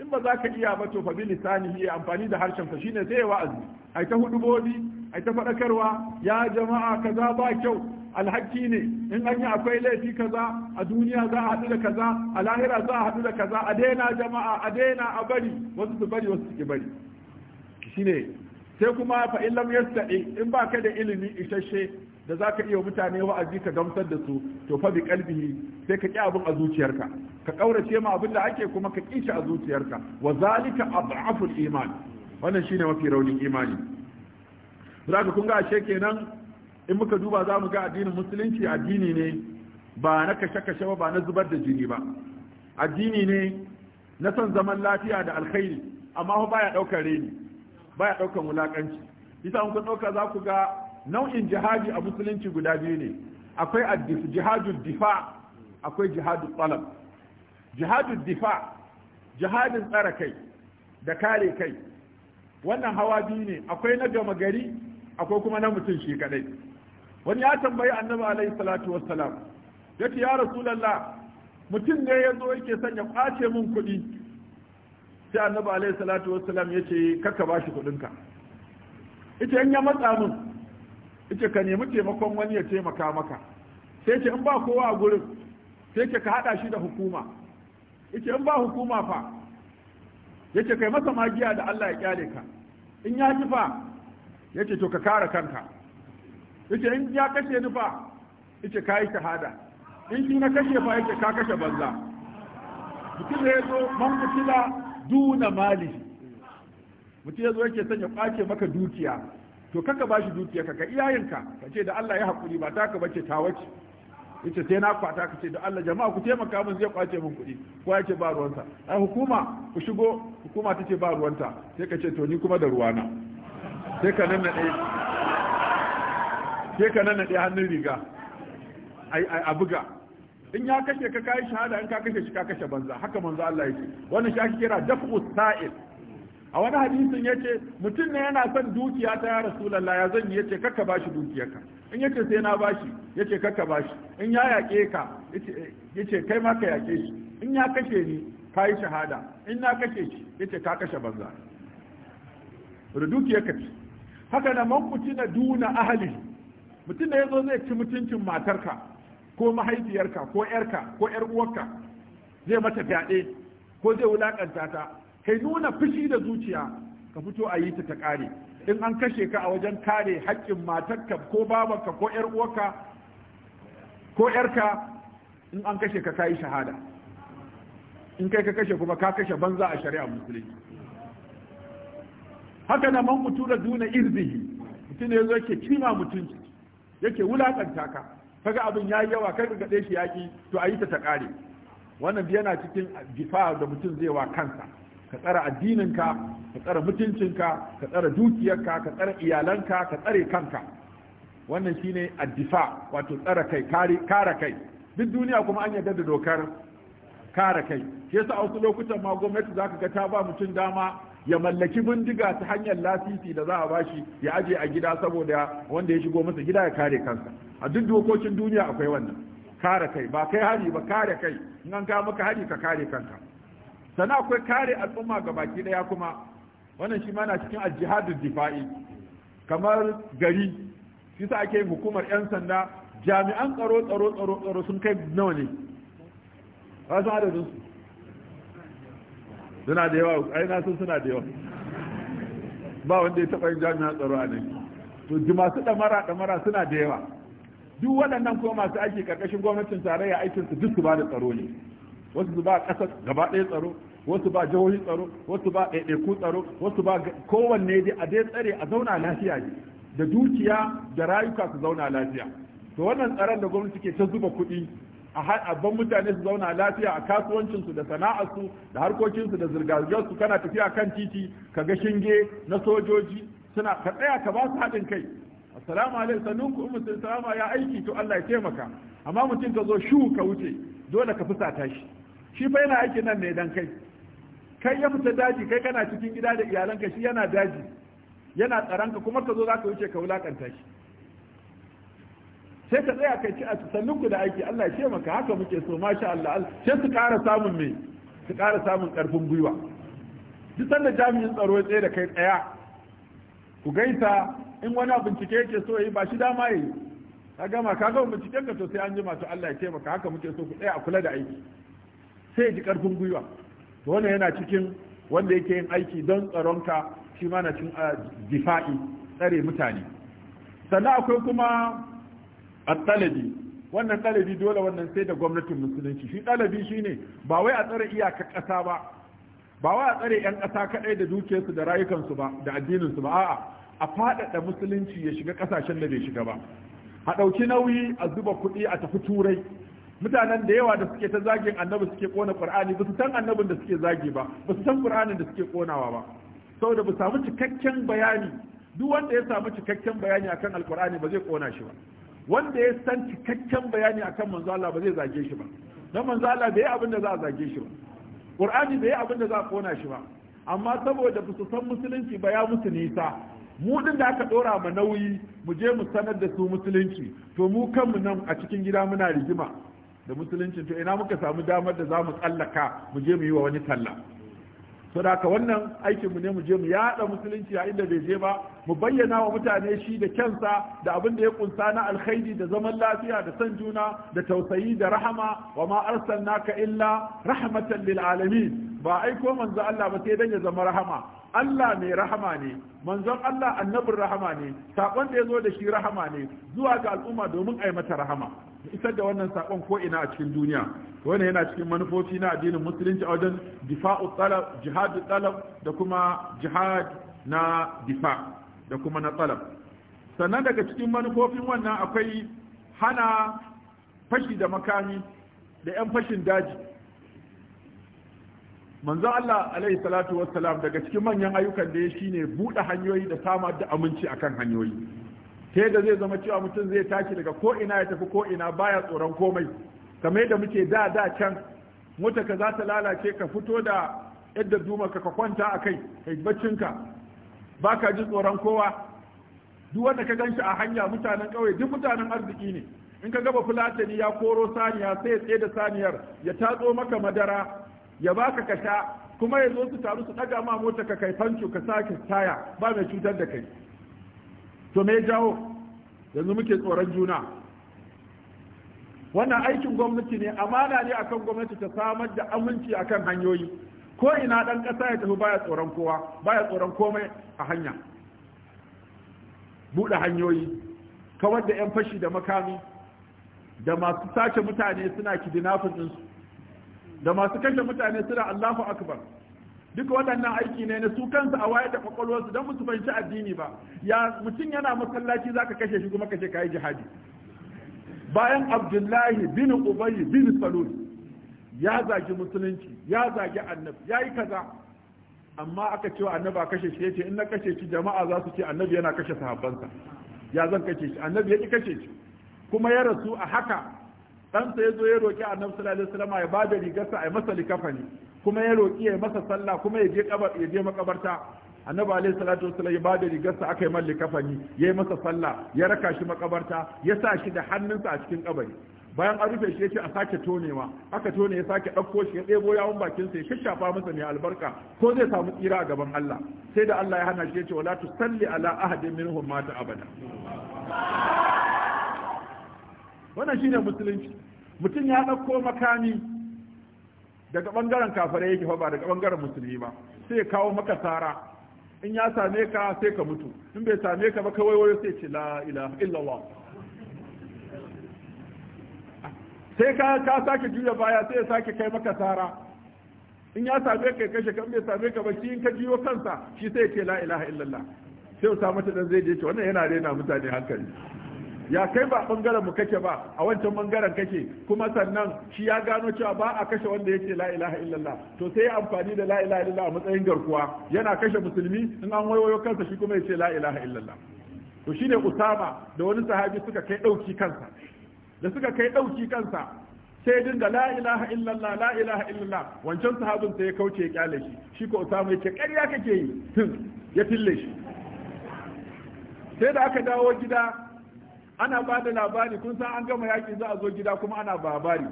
in ba za ka iya ba to fa bi lisani amfani da harshen ka shine sai wa'azi ai ta hudubobi ai ta fadakarwa ya jama'a kaza ba kyau alhaki ne in an yi akwai laifi kaza a duniya za a haɗu da kaza a lahira za a haɗu da kaza a daina jama'a a daina a bari wasu su bari wasu su bari shine sai kuma fa in lam in ba ka da ilimi isasshe da za ka iya mutane wa'azi ka gamsar da su to fa bi kalbihi sai ka ƙi abin a zuciyarka ka ƙaurace ma abin da ake kuma ka ƙi shi a zuciyarka wa zalika adhaful iman wannan shine mafi raunin imani zaka kun ga ashe kenan in muka duba za mu ga addinin musulunci addini ne ba na kashe kashe ba na zubar da jini ba addini ne na son zaman lafiya da alkhairi amma ba ya daukar reni ba baya ɗaukar wulakanci bisa kun ɗauka za ku ga nau'in jihadi a musulunci guda biyu ne akwai jihadu difa akwai jihadu tsalab Jihadu difa jihadin tsara kai da kare kai wannan hawa biyu ne akwai na gama gari akwai kuma na mutum shi kadai wani ya tambayi annabi alayhi salatu wassalam yace ya rasulullah mutum ne ya zo yake son ya kwace min kuɗi sai annabi alayhi salatu wassalam yace kaka bashi kuɗinka ita in ya matsa min yace ka nemi taimakon wani ya taimaka maka sai ce in ba kowa a gurin sai ce ka hada shi da hukuma yace in ba hukuma fa yace kai masa magiya da Allah ya kyale ka in ya ji fa yace to ka kare kanka yace in ya kashe ni fa yace kai shahada in shi na kashe fa yace ka kashe banza mutum ya zo man kutila duna mali mutum ya zo yake son ya kwace maka dukiya to kaka bashi dukiya ka ka iyayenka ka ce da Allah ya hakuri ba ta ka bace ta wace yace sai na kwata ka ce da Allah jama'a ku taimaka min zai kwace min kuɗi ko ya ce ba ruwanta ai hukuma ku shigo hukuma ta ce ba ruwanta sai ka ce to ni kuma da ruwana sai ka nan sai ka dai hannun riga ai ai a buga in ya kashe ka kai shahada in ka kashe shi ka kashe banza haka manzo Allah yake wannan shi ake kira dafu sa'il a wani hadisin yace mutum ne yana son dukiya ta ya rasulullah ya zan yace kakka bashi dukiyarka in yace sai na bashi yace kakka bashi in ya yake ka yace kai ma ka yake shi in ya kashe ni yi shahada in na kashe shi yace ka kashe banza dukiyarka ce haka na mankuci na duna ahali mutum da zo zai ci mutuncin matarka ko mahaifiyarka ko yarka ko yar uwarka zai mata fyaɗe ko zai wulakanta ta kai nuna fushi da zuciya ka fito a yi ta ta kare in an kashe ka a wajen kare haƙƙin matarka ko babanka ko ƴar uwarka ko ƴarka in an kashe ka kai shahada in kai ka kashe kuma ka kashe banza a shari'a musulunci haka na man mutu da duna irzihi mutum ne yazo yake kima mutunci yake wulakanta ka kaga abin yayi yawa kai ka gade shi yaki to ayi ta ta kare wannan yana cikin difa da mutum zai wa kansa ka tsara addininka ka tsara mutuncinka ka tsara dukiyarka ka tsara iyalanka ka tsare kanka wannan shine addifa wato tsara kai kare kai duk duniya kuma an yarda da dokar kare kai shi yasa a wasu lokutan ma gwamnati zaka ga ta ba mutum dama ya mallaki bindiga ta hanyar lasisi da za a bashi ya aje a gida saboda wanda ya shigo masa gida ya kare kansa a duk dokokin duniya akwai wannan kare kai ba kai hari ba kare kai in an kawo maka hari ka kare kanka sannan akwai kare al'umma ga baki daya kuma wannan shi ma na cikin aljihadin difa'i kamar gari shi sa ake hukumar yan sanda jami'an tsaro tsaro tsaro tsaro sun kai nawa ne ba su adadin su suna da yawa ai na sun suna da yawa ba wanda ya taba yin jami'an tsaro a nan to ji masu damara damara suna da yawa duk waɗannan kuma masu aiki karkashin gwamnatin tarayya aikinsu duk su ba da tsaro ne wasu ba kasa gaba ɗaya tsaro wasu ba jihohi tsaro wasu ba ɗaiɗaiku tsaro wasu ba kowanne dai a dai tsare a zauna lafiya ne da dukiya da rayuka su zauna lafiya to wannan tsaron da gwamnati ke ta zuba kuɗi a ban mutane su zauna lafiya a kasuwancinsu da su, da harkokinsu da zirga-zirgarsu kana tafiya kan titi ka ga shinge na sojoji suna ka tsaya ka ba su haɗin kai assalamu alaikum sannan ku sai salama ya aiki to Allah ya taimaka amma mutum ka zo shu ka wuce dole ka fusata shi shi fa yana aikin nan ne dan kai kai ya fita daji kai kana cikin gida da iyalanka shi yana daji yana tsaranka kuma ka zo za ka wuce ka wulakanta shi sai ka tsaya kai ci a sannin ku da aiki Allah ya ka haka muke so masha Allah sai su ƙara samun me su ƙara samun ƙarfin gwiwa duk sanda jami'in tsaro ya tsaye da kai tsaya ku gaisa in wani bincike yake so yi ba shi dama yi ka gama ka gama binciken ka to sai an ji to Allah ya taimaka haka muke so ku tsaya a kula da aiki sai ji karfin gwiwa to wannan yana cikin wanda yake yin aiki don tsaronka shi ma na cin difa'i tsare mutane sannan akwai kuma a talabi wannan ɗalibi dole wannan sai da gwamnatin musulunci shi ɗalibi shine ba wai a tsare iyaka ƙasa ba ba wai a tsare 'yan ƙasa kaɗai da dukiyarsu da rayukansu ba da addininsu ba a'a a faɗaɗa musulunci ya shiga ƙasashen da bai shiga ba a ɗauki nauyi a zuba kuɗi a tafi turai mutanen da yawa da suke ta zagin annabi suke kona qur'ani ba su san annabin da suke zagi ba ba su san qur'anin da suke konawa ba saboda ba samu cikakken bayani duk wanda ya samu cikakken bayani akan alqur'ani ba zai kona shi ba wanda ya san cikakken bayani akan manzo Allah ba zai zage shi ba dan manzo Allah bai abin da za a zage shi ba qur'ani bai abin da za a kona shi ba amma saboda ba su san musulunci ba ya musu nisa mu din da aka dora ma nauyi mu je mu sanar da su musulunci to mu kanmu nan a cikin gida muna rigima da musuluncin to ina muka samu damar da za mu tsallaka mu je mu yi wa wani talla to da ka wannan aikinmu ne mu je mu yaɗa musulunci a inda bai je ba mu bayyana wa mutane shi da kyansa da abin da ya kunsa na alkhairi da zaman lafiya da san juna da tausayi da rahama wa ma arsalnaka illa rahmatan lil alamin ba aiko manzo Allah ba sai dan ya zama rahama Allah mai rahama ne manzon Allah annabin rahama ne sakon da ya zo da shi rahama ne zuwa ga al'umma domin a yi mata rahama isar da wannan sakon ko ina a cikin duniya wannan yana cikin manufofi na addinin musulunci a wajen difa'u talab jihad talab da kuma jihad na difa da kuma na talab sannan daga cikin manufofin wannan akwai hana fashi da makami da 'yan fashin daji manzo Allah alaihi salatu wassalam daga cikin manyan ayyukan da ya shine buɗe hanyoyi da samar da aminci akan hanyoyi ta da zai zama cewa mutum zai tashi daga ko ina ya tafi ko ina baya tsoron komai kamar yadda muke da da can mota ka za ta lalace ka fito da yadda duma ka kwanta a kai kai ka ba ka ji tsoron kowa duk wanda ka ganshi a hanya mutanen ƙauye duk mutanen arziki ne in ka gaba fulatani ya koro saniya sai ya tsaye da saniyar ya tatso maka madara ya baka ka sha kuma ya zo su taru su ɗaga ma mota ka kai fanco ka sake taya ba mai cutar da kai to me jawo yanzu muke tsoron juna wannan aikin gwamnati ne amana ne akan gwamnati ta samar da aminci akan hanyoyi ko ina dan kasa ya tafi baya tsoron kowa baya tsoron komai a hanya buɗe hanyoyi kawar da 'yan fashi da makami da masu sace mutane suna kidinafin ɗinsu da masu kashe mutane suna allahu akbar duk waɗannan aiki ne na su kansu a wayar da kwakwalwarsu don musu fahimci addini ba ya mutum yana masallaci za ka kashe shi kuma kashe kayi jihadi bayan abdullahi bin ubayi bin salul ya zagi musulunci ya zagi annabi ya yi kaza amma aka cewa annabi a kashe shi yace in na kashe shi jama'a za su ce annabi yana kashe sahabbansa ya zan kashe shi annabi ya ki kashe shi kuma ya rasu a haka ɗansa ya zo ya roƙi annabi sallallahu alaihi wasallam ya bada rigarsa a masa likafani kuma ya roƙi ya masa sallah kuma ya je ya je makabarta annabi alayhi salatu wasallam ya ba da rigarsa aka yi malli kafani ya yi masa sallah ya raka shi makabarta ya sa shi da hannunsa a cikin kabari bayan an rufe shi ya ce a sake tonewa aka tone ya sake ɗauko shi ya ɗebo yawon sa ya shashafa masa mai albarka ko zai samu tsira a gaban Allah sai da Allah ya hana shi ya ce wala tusalli ala ahadin minhum mata abada wannan shine musulunci mutum ya ɗauko makami daga bangaren kafare yake fa ba daga bangaren musulmi ba sai ya kawo maka sara in ya same ka sai ka mutu in bai same ka ba kawai wayo sai ce la ilaha illallah sai ka ka sake juya baya sai ya sake kai maka sara in ya same ka kashe kan bai same ka ba shi in ka jiyo kansa shi sai ya ce la ilaha illallah sai ya samu ta dan zai je ce wannan yana rena mutane hankali ya kai ba bangaren mu kake ba a wancan bangaren kake kuma sannan shi ya gano cewa ba a kashe wanda yake la ilaha illallah to sai ya amfani da la ilaha illallah a matsayin garkuwa yana kashe musulmi in an wayoyo kansa shi kuma yace la ilaha illallah to shine Usama da wani sahabi suka kai dauki kansa da suka kai dauki kansa sai da la ilaha illallah la ilaha illallah wancan sahabin sai ya kauce ya kyale shi shi ko Usama yake ƙarya kake yi (laughs) ya fille shi sai da aka dawo gida ana ba da labari kun san an gama yaƙi za a zo gida kuma ana babari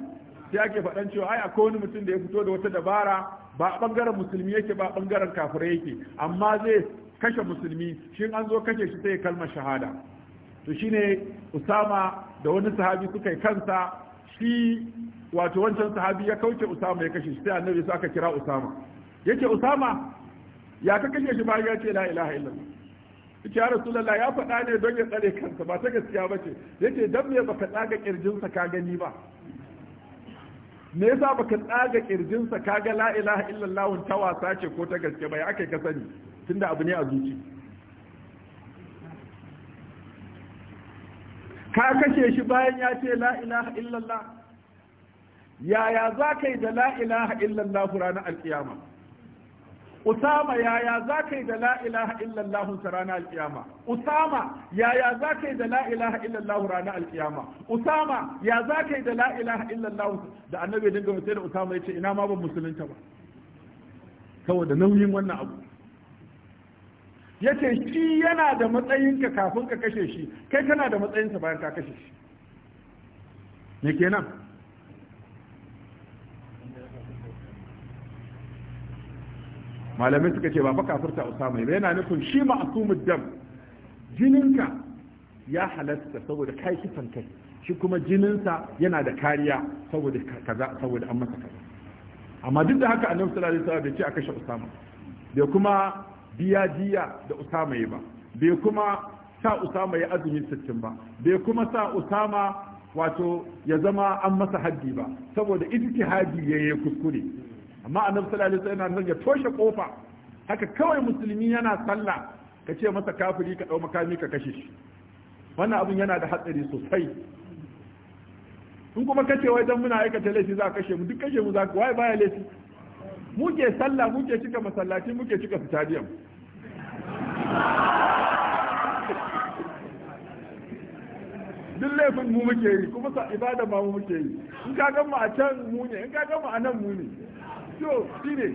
sai ake faɗan cewa ai akwai wani mutum da ya fito da wata dabara ba a ɓangaren musulmi yake ba ɓangaren kafirai yake amma zai kashe musulmi shin an zo kashe shi sai kalmar shahada to shine usama da wani sahabi suka yi kansa shi wato wancan sahabi ya kauce usama ya kashe shi sai annabi sai aka kira usama yake usama ya ka kashe shi ba ya ce la ilaha illallah ya lalla ya faɗa ne don ya tsare kansa ba ta gaskiya ba ce yace dan me baka tsaga kirjinsa ka gani ba me yasa baka tsaga kirjinsa ka ga la ilaha illallah ta wasa ce ko ta gaske ba ya akai ka sani tunda abu ne a zuci ka kashe shi bayan ya ce la ilaha illallah yaya za ka yi da la ilaha illallah ranar alkiyama Usama yaya za ka yi da la ilaha illallah ta ranar alkiyama Usama yaya za ka yi da la ilaha illallah ranar alkiyama Usama ya za ka yi da la ilaha illallah da annabi ya dinga sai da Usama ya ce ina ma ban musulunta ba saboda nauyin wannan abu yace shi yana da matsayinka kafin ka kashe shi kai kana da matsayinsa bayan ka kashe shi me kenan malamai suka ce ba fa kafirta usama ba yana nufin shi ma'asumud dam jininka ya halatta saboda kai kisan kai shi kuma jininsa yana da kariya saboda kaza saboda an masa kaza amma duk da haka annabi sallallahu alaihi wasallam bai ce a kashe usama bai kuma biya diya da usama ba bai kuma sa usama ya azumi sittin ba bai kuma sa usama wato ya zama an masa haddi ba saboda ijtihadi yayi kuskure amma annabi sallallahu alaihi wasallam ya toshe kofa haka kawai musulmi yana sallah ka ce masa kafiri ka dau makami ka kashe shi wannan abin yana da hatsari sosai in kuma kace wai dan muna aikata laifi za kashe mu duk kashe mu za ka wai baya laifi muke sallah muke cika masallaci muke cika stadium duk laifin mu muke yi kuma ibada ma mu muke yi in ka gan mu a can mu ne in ka gan mu a nan mu ne to shi ne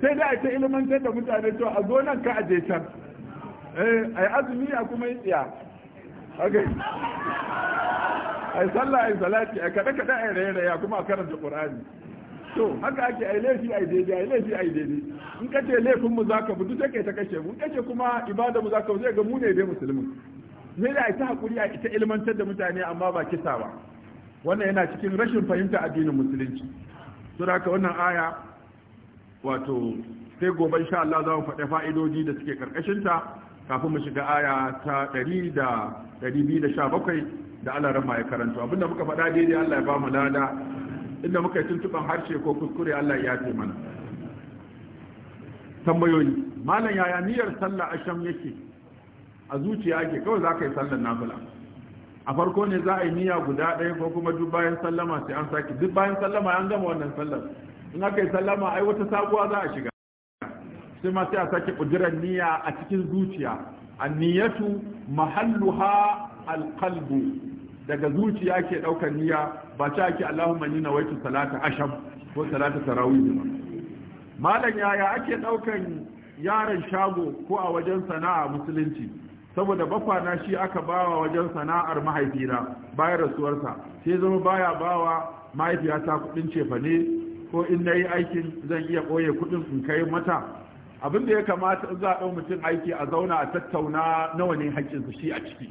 sai da ake ilimantar da mutane to a zo nan ka aje can eh, ai azumi a kuma yi tsiya ai sallah ai salati ai kada kada yi raye ya kuma a karanta qur'ani to haka ake yi laifi yi daidai yi laifi yi daidai in ce laifin mu zaka bi duk take ta kashe mu kace kuma ibada mu zaka zai ga mu ne dai musulmi sai da ai ta hakuri a ita ilmantar da mutane amma ba kisa ba wannan yana cikin rashin fahimta addinin musulunci Su da wannan aya wato sai gobe insha Allah za mu faɗa fa'idoji da suke karkashin ta kafin mu shiga aya ta ɗari da 217 da Allah rama ya karanto abinda muka faɗa daidai Allah ya ba mu lada inda muka yi tuntuɓar harshe ko kuskure Allah ya ce mana tambayoyi malam yaya niyyar sallah asham yake a zuciya ake kawai za ka yi sallar nafila a farko ne za a yi niyya guda ɗaya ko kuma duk bayan sallama sai an sake duk bayan sallama an gama wannan sallar in aka yi sallama ai wata sabuwa za a shiga sai ma sai a sake ƙudurar niyya a cikin zuciya A niyyatu mahalluha alqalbu daga zuciya ke ɗaukar niyya ba ta ake Allahumma nina waitu salata asham ko salata tarawih ba malam yaya ake ɗaukar yaron shago ko a wajen sana'a musulunci saboda bakwana shi aka bawa wajen sana'ar mahaifina bayan rasuwarsa sai zama baya bawa mahaifiyata kudin cefane ko in na yi aikin zan iya ɓoye kudin in kai mata abin da ya kamata za a mutum aiki a zauna a tattauna nawa ne haƙƙinsa shi a ciki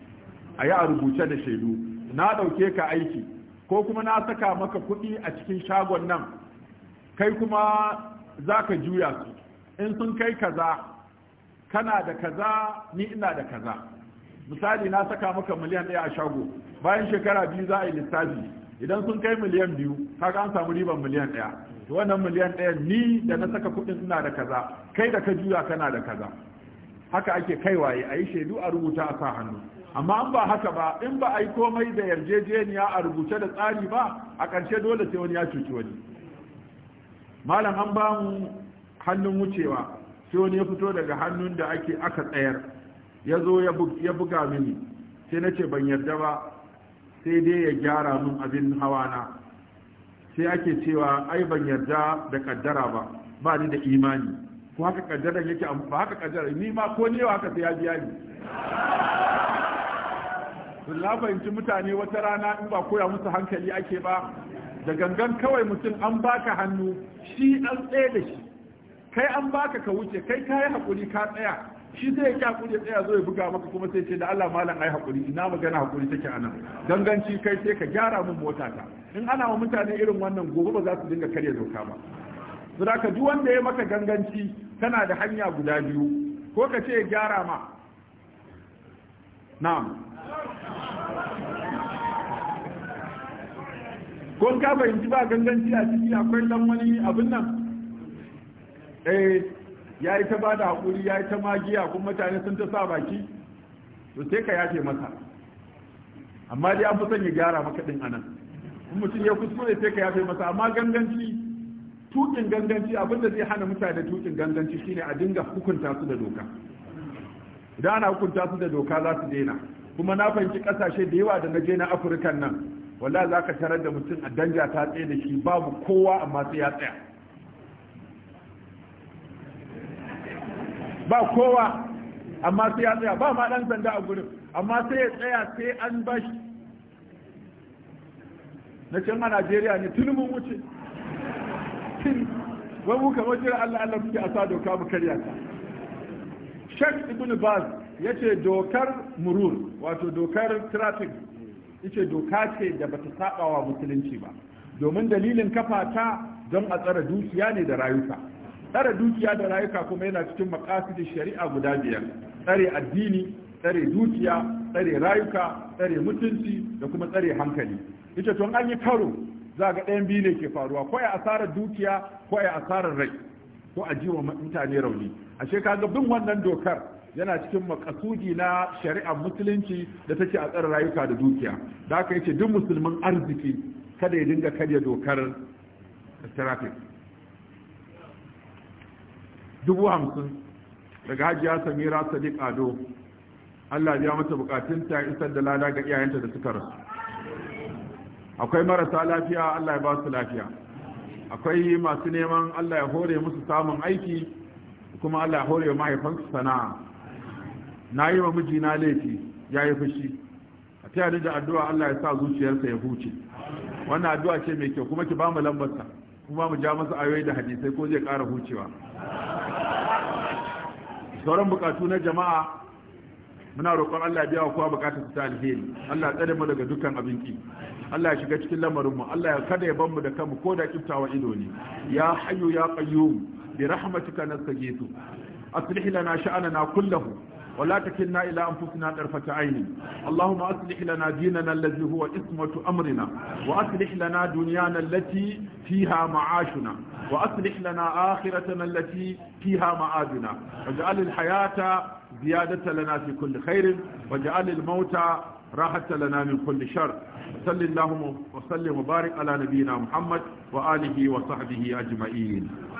a yi a rubuce da shaidu na ɗauke ka aiki ko kuma na saka maka kuɗi a cikin shagon nan kai kuma za ka juya su in sun kai kaza kana da kaza ni ina da kaza misali na saka maka miliyan ɗaya a shago bayan shekara biyu za a yi lissafi idan sun kai miliyan biyu ka an samu riban miliyan ɗaya to wannan miliyan ɗaya ni da na saka kuɗin ina da kaza kai da ka juya kana da kaza haka ake kaiwaye a yi shaidu a rubuta a sa hannu amma an ba haka ba in ba a yi komai da yarjejeniya a rubuce da tsari ba a ƙarshe dole sai wani ya cuci wani malam an ba mu hannun wucewa sai wani ya fito daga hannun da ake aka tsayar ya zo ya buga mini sai na ce ban yarda ba sai dai ya gyara min abin hawa na. sai ake cewa ai ban yarda da kaddara ba ba ni da imani ko haka kaddara yake ba haka kaddara ni ma ko ne haka sai ya biya ni na fahimci mutane wata rana in ba koya musu hankali ake ba da gangan kawai mutum an baka hannu shi an tsaye da shi kai an baka ka wuce kai ka yi haƙuri ka tsaya shi zai ya haƙuri ya tsaya zo ya buga maka kuma sai ce da Allah malam ai haƙuri ina magana haƙuri take a nan ganganci kai sai ka gyara mun mota ta in ana wa mutane irin wannan gobe ba za su dinga karya doka ba su da duk wanda ya maka ganganci kana da hanya guda biyu ko ka ce ya gyara ma na'am ko ka fahimci ba ganganci a ciki akwai dan abin nan eh ya yi ta ba da haƙuri ya yi ta magiya kuma mutane sun ta sa baki to sai ka yafe masa amma dai an fi son ya gyara maka ɗin anan in mutum ya kuskure sai ka yafe masa amma ganganci tukin ganganci abin da zai hana mutane tukin ganganci shine a dinga hukunta su da doka idan ana hukunta su da doka za su daina kuma na fahimci kasashe da yawa da na je na afirka nan wallahi za ka tarar da mutum a danja ta tsaye da shi babu kowa amma sai ya tsaya ba kowa amma sai ya tsaya ba ma dan sanda a gurin amma sai ya tsaya sai an bashi na can a Najeriya ne tun mun wuce Wai mu kama jira Allah Allah muke a sa doka mu karya ta Sheikh Ibn Baz ce dokar murur wato dokar traffic ita doka ce da bata saba wa musulunci ba domin dalilin kafa ta don a tsara dukiya ne da rayuka tsare dukiya da rayuka kuma yana cikin da shari'a guda biyar tsare addini tsare dukiya tsare rayuka tsare mutunci da kuma tsare hankali ita to an yi karo za ga ɗayan biyu ne ke faruwa ko ya asarar dukiya ko ya asarar rai ko a jiwa mutane rauni ashe kaga bin wannan dokar yana cikin makasudi na shari'ar musulunci da take a tsare rayuka da dukiya da yi yace duk musulmin arziki kada ya dinga karya dokar traffic dubu hamsin daga hajiya samira sadiq ado allah biya mata bukatunta isar da lada ga iyayenta da suka rasu akwai marasa lafiya allah ya ba su lafiya akwai masu neman allah ya hore musu samun aiki kuma allah ya hore mahaifansu sana'a na yi wa mijina laifi ya yi fushi a yi da addu'a allah ya sa zuciyarsa ya huce wannan addu'a ce mai kyau kuma ki ba mu lambarsa kuma mu ja masa ayoyi da hadisai ko zai ƙara hucewa sauran bukatu na jama'a muna roƙon Allah biya wa kowa su ta alheri Allah ya tsare mu daga dukkan abinki Allah ya shiga cikin lamarin mu Allah ya kada ya bamu da kanmu ko da kiftawa ido ne ya hayyu ya qayyum bi rahmatika nastaghithu aslih lana sha'anana kullahu ولا تكلنا إلى أنفسنا طرفة عين اللهم أصلح لنا ديننا الذي هو إسمة أمرنا وأصلح لنا دنيانا التي فيها معاشنا وأصلح لنا آخرتنا التي فيها معادنا واجعل الحياة زيادة لنا في كل خير واجعل الموت راحة لنا من كل شر صلى اللهم وسلم وبارك على نبينا محمد وآله وصحبه أجمعين